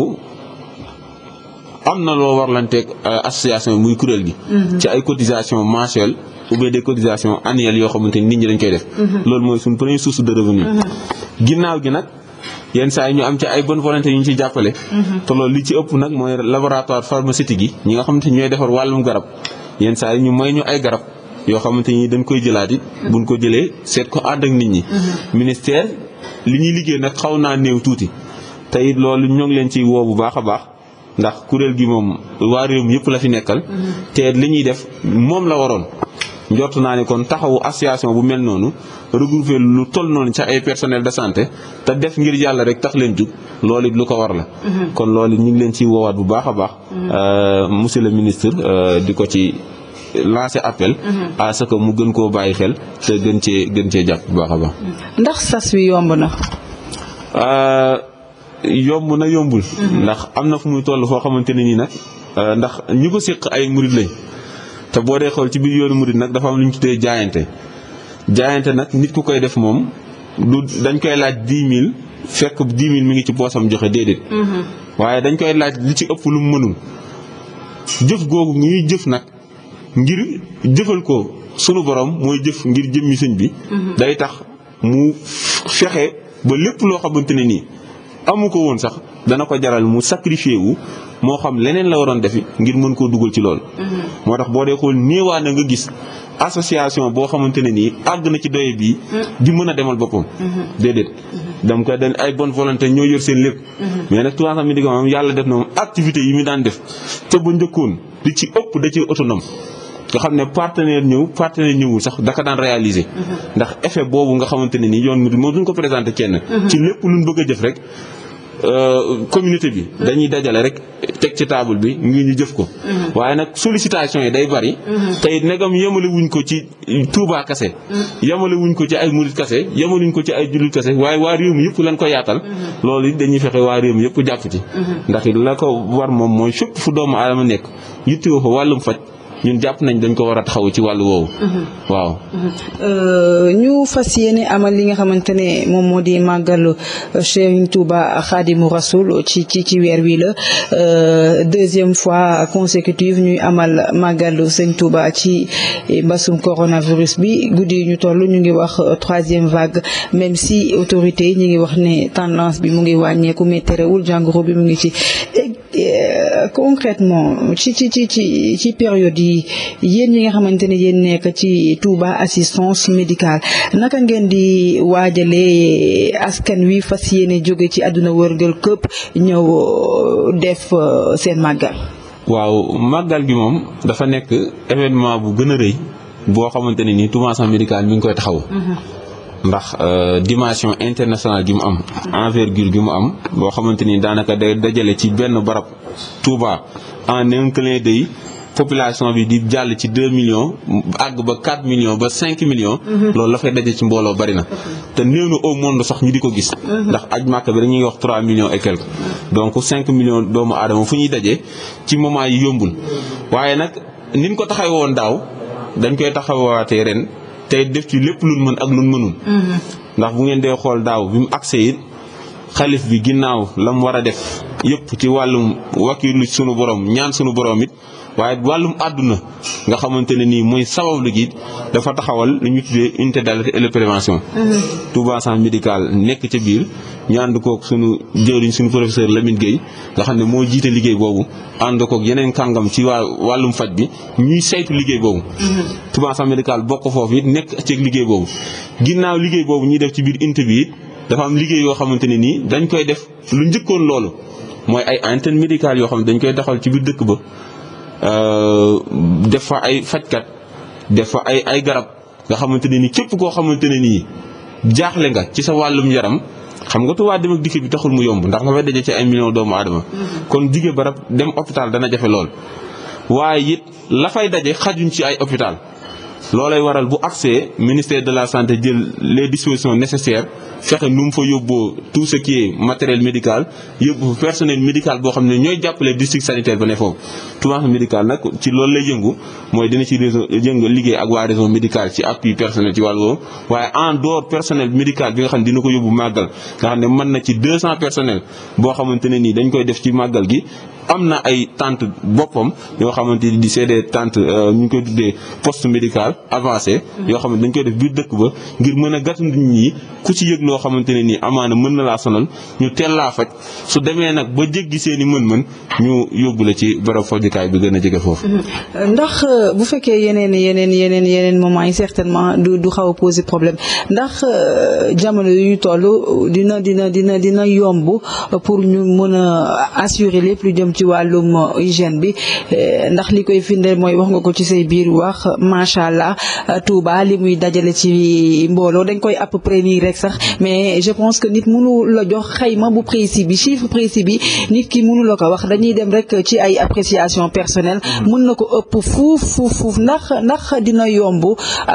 am na loo warlanteeg euh, association muy kuréel gi. Mhm. ci ay cotisation mensuelle ou de des cotisations yoo xamante nit ñi dañ koy def. Mhm. loolu mooy suñu première source de revenu. Mhm. ginnaaw gi nag yenn saa yi ñu am ci ay bonne volonté yu ñu ci jàppale. te li ci ëpp nag mooy laboratoire pharmaceutique yi. ñi nga xam xamante ni ñooy defar wàllum garab yenn saa yi ñu may ñu ay garab. yoo xamante ni dañ koy jëlaat it buñ ko jëlee seet ko ànd nit ñi. ministère li ñuy liggéey nag xaw naa néew tuuti. te loolu ñoo ngi leen ci woo bu baax a baax ndax kuréel gi moom waar réew mi yëpp la fi nekkal. Mm-hmm. te li ñuy def moom la waroon. njort naa ne kon taxawu association bu mel noonu regroupé lu toll noonu ca ay personnel de santé te def ngir yàlla rek tax leen jug loolu it lu ko war la. Mm-hmm. kon lool it ñu ngi leen ciy woowaat bu baax a baax. Mm-hmm. Euh, monsieur le ministre euh, di ko ci lancer appel. à mu gën koo bàyyi xel te gën cee gën cee jàpp bu baax a baax. ndax sas wi yomb na. Euh, yomb na yombul. Mhm. ndax am na fu muy toll foo xamante ne nii nag euh, ndax ñi ko séq ay murit lañ te boo dee xool ci biir yoonu murit nag dafa am lu ñu tuddee jaayante jaayante nag nit ku koy def moom du dañ koy laaj dix mille fekk dix mille mi ngi ci boosam joxe déedéet. Mhm. waaye dañ koy laaj li ci ëpp lu mu mënul jëf jëf nag ngir jëfal ko sunu borom mooy jëf ngir jëmmi sëñ bi. Mhm. day tax mu fexe ba lépp loo xamante ne nii. amu ko woon sax dana ko jaral mu sacrifier wu moo xam leneen la waroon defi ngir mën koo dugal ci loolu. Mm-hmm. moo tax boo dee xool néewaa na nga gis association boo xamante ne nii àgg na ci doye bii. Mm-hmm. di mën a demal boppam. Mm-hmm. déedéet dam ko dañ ay bonne volonté ñoo yor seen lépp. mais nag 300 médicaments moom yàlla def na activité yi mu daan def te ba njëkkoon li ci ëpp da ci autonome. nga xam ne partenaire ñëw partenaire ñëwul sax daka daan réaliser. ndax effet boobu nga xamante ne nii yoon bi moom duñ ko présenté kenn. ci lépp luñ bëgg a jëf rek Euh, communauté bi dañuy dajale rek teg ci taabul bi ngir ñu jëf ko mhm. waaye nag sollicitation yi day bari mhm. tey negam yemale wuñ ko ci Touba kase mhm. yemale wuñ ko ci ay murit kase yemale ko ci ay jullit kase waaye waa réew mi yëpp lañ ko yaatal loolu dañuy fexe waa réew mi yëpp jàpp ci ndax la ko war moom mooy fépp fu doomu aadama nekk yittewoo fa wàllum faj ñun jàpp nañ dañ ko war a taxaw ci wàllu woowu. Mm-hmm. waaw. Mm-hmm. Euh, ñu fas yéene amal li nga xamante ne moom moo di màggalu euh, Serigne Touba Khadimou Rassoul ci ci ci weer wii la euh, deuxième fois consécutive ñuy amal màggalu Serigne Touba ci mbasum coronavirus bi guddi ñu toll ñu ngi wax troisième vague même si autorité yi ñu ngi wax ne tendance bi mu ngi wàññeeku mais terewul bi mu ngi ci. concrètement ci ci ci ci ci période yi yéen ñi nga xamante ne yéen nekk ci Touba assistance médicale naka ngeen di waajalee askan wi fas yéene jóge ci àdduna wërngël këpp ñëw def seen màggal. waaw màggal bi moom dafa nekk événement bu gën a rëy boo xamante ne nii Touba assistance médicale mi ngi koy taxaw. Mm-hmm. ndax euh, dimension internationale gi mu am envergure gi mu am boo xamante ni daanaka day dajale ci benn barab Touba en un clin d'œil population bi di jàll ci deux millions àgg ba quatre millions ba cinq millions mhm. loolu la fay daje ci mbooloo bari na te néew na au sax ñu di ko gis mhm. ndax aj màkk bi dañuy wax trois millions et quelque donc cinq millions doomu aadama fu ñuy daje ci moment yi yombul mhm. waaye nag niñ ko taxaw woon daaw dañ koy taxawaatee ren te def ci lépp luñ mën ak lu mënul. Mm-hmm. ndax bu ngeen dee xool daaw bi mu agsee it xalif bi ginnaaw la mu war a def yëpp ci wàllum wakilu sunu borom ñaan sunu boromit waaye wàllum àdduna nga xamante ne nii mooy sabab lu dafa taxawal lu ñu tuddee unité d'alerte et de prévention. Mm-hmm. Touba médical nekk ca biir ñu ànd koog sunu jëwriñ sunu professeur Lamine Guèye nga xam ne moo jiite liggéey boobu ànd koog yeneen kàngam ci waa wàllum faj bi ñuy saytu liggéey boobu. Mm-hmm. Touba centre médical bokk foofu it nekk ci liggéey boobu ginnaaw liggéey boobu ñuy def ci biir unité bi dafa am liggéey yoo xamante ne nii dañ koy def lu njëkkoon loolu mooy ay antenne médicale yoo xam ne dañ koy doxal ci biir dëkk ba. Euh, def fa ay fajkat def fa ay ay garab nga xamante ne ni képp koo xamante ne nii jaaxle nga ci sa wàllum yaram xam nga Tuubaa dem ak dikk bi taxul mu yomb ndax dafay daje ci ay millions doomu aadama. Mm-hmm. kon jigéen barab dem hôpital dana jafe lool. waaye it la fay daje xajuñ ci ay hôpital. loolay waral bu accès ministère de la santé jël les dispositions nécessaire fexe nu mu fa yóbboo tout ce qui est matériel médical yóbbu personnel médical boo xam ne ñooy jàppale district sanitaire ba ne foofu. tourisme médical nag ci loolu lay yëngu mooy dina ci réseau yëngu liggéey ak waa réseau médical ci appui personnel ci wàll woowu waaye en dehors personnel médical bi nga xam ne dina ko yóbbu màggal nga xam ne mën na ci 200 personnel boo xamante ne nii dañ koy def ci màggal gi. am na ay tente boppam yoo xamante ni di c'est des tentes euh, ñu ngi koy tuddee poste médical avancé yoo xamante dañ koy def biir dëkk ba ngir mën a gàttandu ñi ku ci yëg loo xamante ne nii amaana mën na laa sonal ñu teel laa faj su demee nag ba jéggi seen i mën-mën ñu yóbbu la ci barab fajukaay bi gën a jege foofu. Mhm. Euh, ndax euh, bu fekkee yeneen yeneen yeneen yeneen moment yi certainement du du xaw a poser problème ndax jamono yu toll dina dina dina dina yomb pour ñu mën a assurer lépp jëm ci wàllum hygiène bi eh, ndax li koy findee mooy wax nga ko ci say biir wax macha allah eh, Touba li muy dajale ci mbooloo dañ koy à peu près nii rek sax mais je pense que nit mënu la jox xayma bu précis bi chiffre précis bi nit ki mënu la ko wax dañuy dem rek ci ay appréciation personnelle mun mm. na ko ëpp fuuf fuuf fuuf ndax ndax dina yomb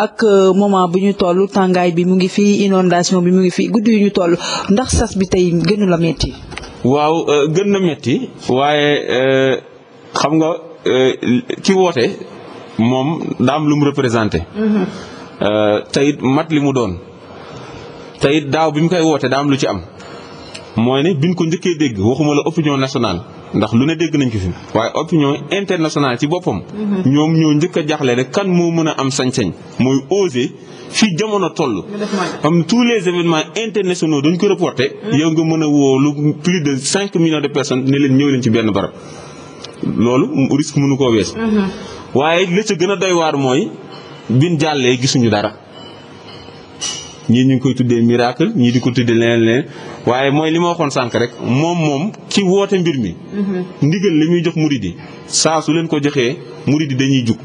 ak euh, moment bu ñu toll tàngaay bi mu ngi fi inondation bi mu ngi fi guddi yu ñu toll ndax sas bi tey gënu la metti waaw euh, gën na metti waaye euh, xam nga euh, ki woote moom daam lu mu représenté. Mhm. tayit mat li mu doon tayit daaw bi mu koy woote daam lu ci am. mooy ne biñ ko njëkkee dégg waxuma la opinion nationale ndax lu ne dégg nañ ko fi waaye opinion internationale ci boppam. Mhm. ñoom ñoo njëkk a jaxle rek kan moo mën a am sañ-sañ mooy oser fi jamono toll. am tous les événements internationaux dañ ko reporté. Mhm. yow nga mën a lu plus de cinq million de personnes ne leen ñëw leen ci benn barab loolu risque mënu koo wees. Mhm. waaye li ca gën a doy waar mooy bin jàllee gisuñu dara. ñii ñu koy tuddee miracle ñii di ko tuddee leneen leneen waaye mooy li ma waxoon sànq rek moom moom ci woote mbir mi. Mm-hmm. ndigal li muy jox muridi saa su leen ko joxee murid yi dañuy jug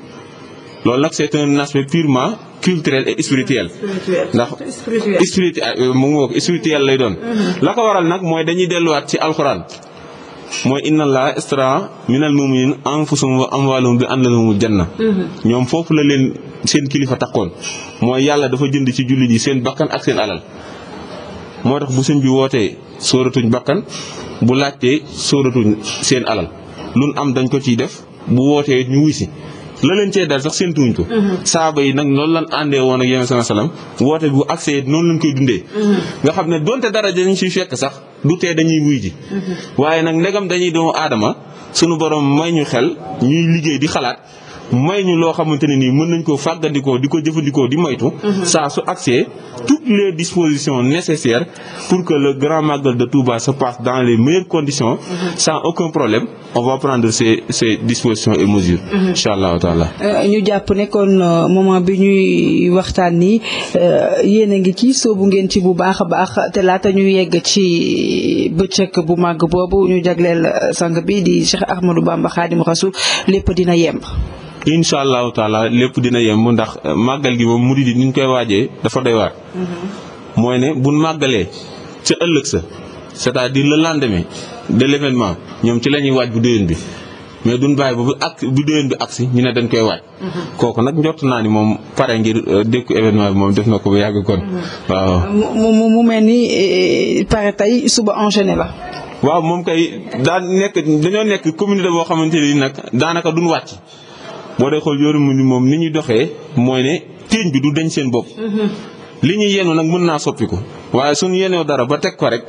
loolu nag c'est un aspect purement culturel et spirituel. ndax spirituel ah, euh, mu ngoog spirituel lay doon. Mm-hmm. la ko waral nag mooy dañuy delluwaat ci alxuraan. mooy inna allah mu minal mu'minin anfusahum wa amwalahum bi anna lahumul janna mm-hmm. ñoom foofu la leen seen kilifa takkoon mooy yàlla dafa jënd ci jullit yi seen bakkan ak seen alal moo tax bu sëñ bi wootee sóoratuñ bakkan bu laajtee sóoratuñ seen alal luñ am dañ ko ciy def bu wootee ñu wuy si la leen cee dal sax seen tuuñ ko mhm. saaba yi nag loolu lan àndee woon ak yéen salaam woote bi bu accès noonu lañ koy dundee mhm. nga xam ne donte dara dañ ciy fekk sax du tee dañuy wuy ji mhm. waaye nag ndegam dañuy doomu aadama sunu borom may ñu xel ñuy liggéey di xalaat may ñu loo xamante ne nii mën nañ koo fàggandikoo di ko jëfandikoo di moytu. Mhm. saa su accès toutes les dispositions nécessaires pour que le grand màggal de Touba se passe dans les meilleures conditions. Mhm. sans aucun problème on va prendre ces ces dispositions et mesures. Mhm. incha allahu taala. Euh, ñu jàpp ne kon euh, moment bi ñuy waxtaan nii euh, yéen a ngi ci soobu ngeen ci bu baax a baax te laata ñu yegg ci bëccëg bu màgg boobu ñu jagleel sang bi di Cheikh Ahmadou Bamba Khadim lépp dina yemb. incha allahu taala lépp dina yemb ndax eh, màggal gi moom murid yi ni ñu koy waajee dafa doy waar. Mm-hmm. mooy ne buñ màggalee ca ëllëg sa c'est-à-dire le lendemain de l'événement ci la ñuy waaj mais duñ bàyyi ba bu bu déwén bi agsi ñu ne dañ koy waaj. Mm-hmm. kooku nag naa ni moom pare ngir eh, dékku événement moom def na ko ba yàgg kon. Mm-hmm. waaw mu ni eh, pare tey suba enchaîné la. waaw moom kay daan nekk dañoo nekk communauté boo xamante ni nag daanaka duñ wàcc. boo dee xool yoonu murid moom ni ñuy doxee mooy ne téeñ bi du deñ seen bopp. Mm-hmm. li ñuy yenu nag mën naa ko waaye suñu yenoo dara ba teg ko rek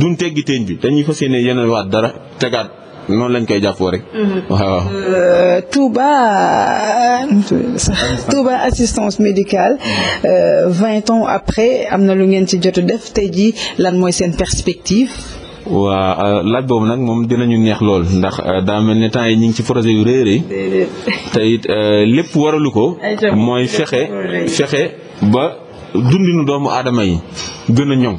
duñ teggi téeñ bi dañuy fas yéene yeneen waat dara tegaat noonu lañ koy jàppoo rek. Mm-hmm. waaw. Euh, Touba Touba assistance médicale mm-hmm. euh, vingt ans après am na lu ngeen si jot def tey jii lan mooy seen perspective. waa euh, laaj boobu nag moom dinañu neex lool ndax euh, daa mel ni temps yi ñu ngi ci projet yu rëy rëy te euh, lépp waralu ko mooy fexe fexe ba dundinu doomu aadama yi gën a ñoŋ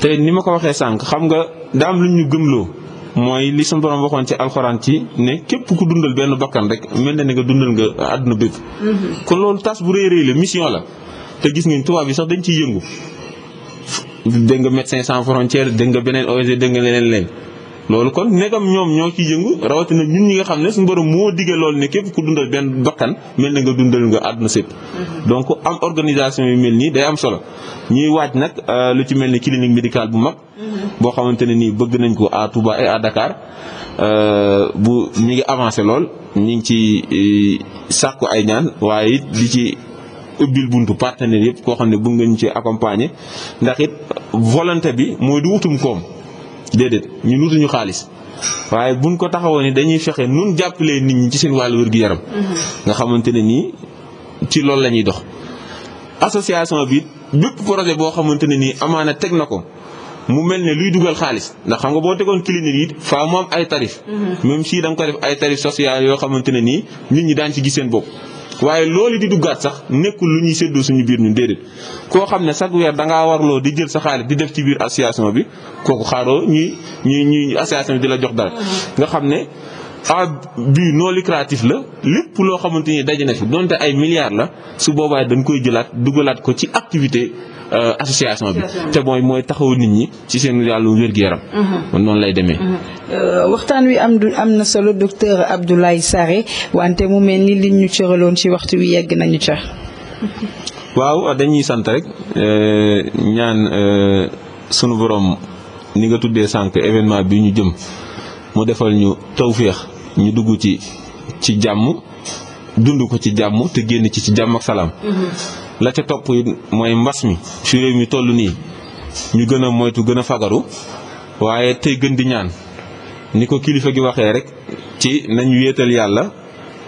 te ni ma ko waxee sànq xam nga daa am lu ñu loo mooy li sama borom waxoon ci alxuraan ci ne képp ku dundal benn bakkan rek mel na ne nga dundal nga àdduna bépp mhm. kon loolu tas bu rëy rëy la mission la te gis ngeen tubaab yi sax dañ ciy yëngu dégg nga médecins sans frontières dégg nga beneen ONG dégg nga leneen leen loolu kon nekkam ñoom ñoo ci yëngu rawatina ñun ñi nga xam ne suñu borom moo diggee lool ne képp ku dundal benn bakkan mel na nga dundal nga àdduna sépp mhm. donc am organisation yu mel nii day am solo ñuy waaj nag euh, lu ci mel ni clinique médicale bu mag. Mhm. boo xamante ne nii bëgg nañ ko à Touba et à Dakar euh, bu ñu ngi avancé lool ñu ngi ci euh, sàkku ay ñaan waaye it di ci. ubbil buntu partenaire yëpp koo xam ne bëgg ngeen ci accompagner ndax it volonté bi mooy du wutum koom déedéet ñu nutuñu xaalis waaye buñ ko taxawoo ni dañuy fexe nun jàppalee nit ñi ci seen wàllu wér yaram mm-hmm. nga xamante ne nii ci loolu la ñuy dox association bi bépp projet boo xamante ne nii amaana teg na ko mu mel ne luy dugal xaalis ndax xam nga boo tegoon clinique yi faa mu am ay tarif mm-hmm. même si da ko def ay tarif social yoo xamante ne nii nit ñi daan ci gis seen bopp waaye loolu di duggaat sax nekkul lu ñuy séddoo suñu biir ñu déedéet koo xam ne chaque weer dangaa warloo di jël sa xaalis di def ci biir association bi kooku xaaroo ñuy ñuy ñuy association bi di la jox dara nga xam ne à ah, but non lucratif la lépp loo xamante ni daje na fi donte ay milliards la su boobaa dañ koy jëlaat dugalaat ko ci activité euh, association bi te mooy mooy taxawu nit ñi ci seen wàllu wér-gu-yaram. man mhm. noonu lay demee. Mhm. Euh, waxtaan wi am du am na solo docteur Abdoulaye Sarré wante mu mel ni liñ ñu cëraloon ci waxtu wi yegg nañu ca. waaw dañuy sant rek euh, ñaan sunu borom ni nga tuddee sànq événement bi ñu jëm. mu defal ñu tawféex ñu dugg ci ci jàmm dund ko ci jàmm te génn ci ci jàmm ak salaam. Mm-hmm. la ca topp mooy mbas mi fi ñu mi toll nii ñu gën a moytu gën a fagaru waaye tey gën di ñaan ni ko kilifa gi waxee rek ci nañu yéetal yàlla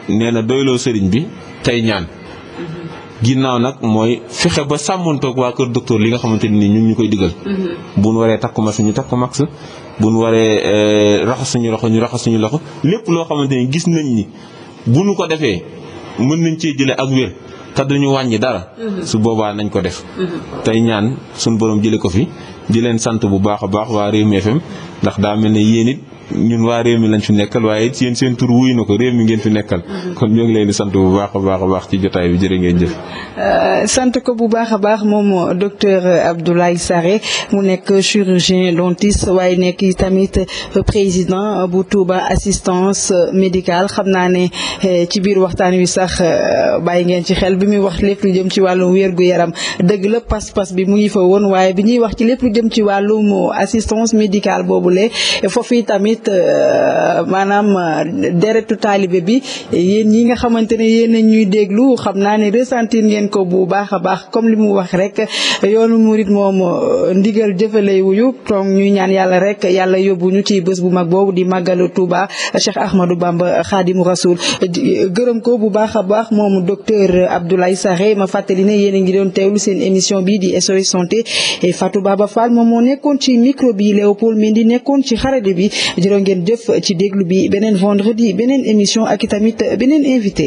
nee na doyloo sëriñ bi tey ñaan. Mm-hmm. ginnaaw nag mooy fexe ba sàmmantoog waa kër docteur li nga xamante ni ñu ngi ñu koy digal. Mm-hmm. bu nu waree takku mas ñu takku max bu nu waree euh, raxas suñu loxo ñu raxas suñu loxo lépp loo xamante ni gis nañ ni bu nu ko defee mën nañ cee jëlee ak wér te duñu wàññi dara. Mm-hmm. su boobaa nañ ko def. Mm-hmm. tey ñaan suñu borom jëlee ko fi di leen sant bu baax a baax waa Rewmi FM ndax daa mel ne yéen it ñun waa réew mi lañ fi nekkal waaye ci yéen seen tur wuy na ko réew mi ngeen fi nekkal. Mhm. kon ñoo ngi leen di sant a baax a baax ci jotaay euh, sant ko bu baax a baax moom docteur Abdoulaye Sarré mu nekk chirurgien dentiste waaye nekk tamit président bu tuuba assistance médicale xam naa ne euh, ci biir waxtaan wi sax euh, bàyyi ngeen ci xel bi muy wax lépp jëm ci wàllum wér-gu-yaram dëgg la pas-pas bi mu ngi fa woon waaye bi ñuy wax ci lépp lu jëm ci wàllum assistance médicale boobule foofu itamit tamit euh, maanaam euh, deretu taalibe bi yéen ñi nga xamante ne yéen ñuy déglu xam naa ni ressentir ngeen ko bu baax a baax comme li mu wax rek yoonu murit moom euh, ndigal jëfalay wuyu toog ñuy ñaan yàlla rek yàlla yóbbu ñu ci bës bu mag boobu di màggalu Touba Cheikh Ahmadou Bamba Xaadimu rasuul gërëm ko bu baax a baax moom docteur Abdoulaye saxe ma fàttali na yéen a ngi doon teewlu seen émission bi di SOS santé Fatou Baba Fall moom moo nekkoon ci micro bi Léopold Mendy jërë ngeen jëf ci déglu bi beneen vendredi beneen émission ak i tamit beneen invité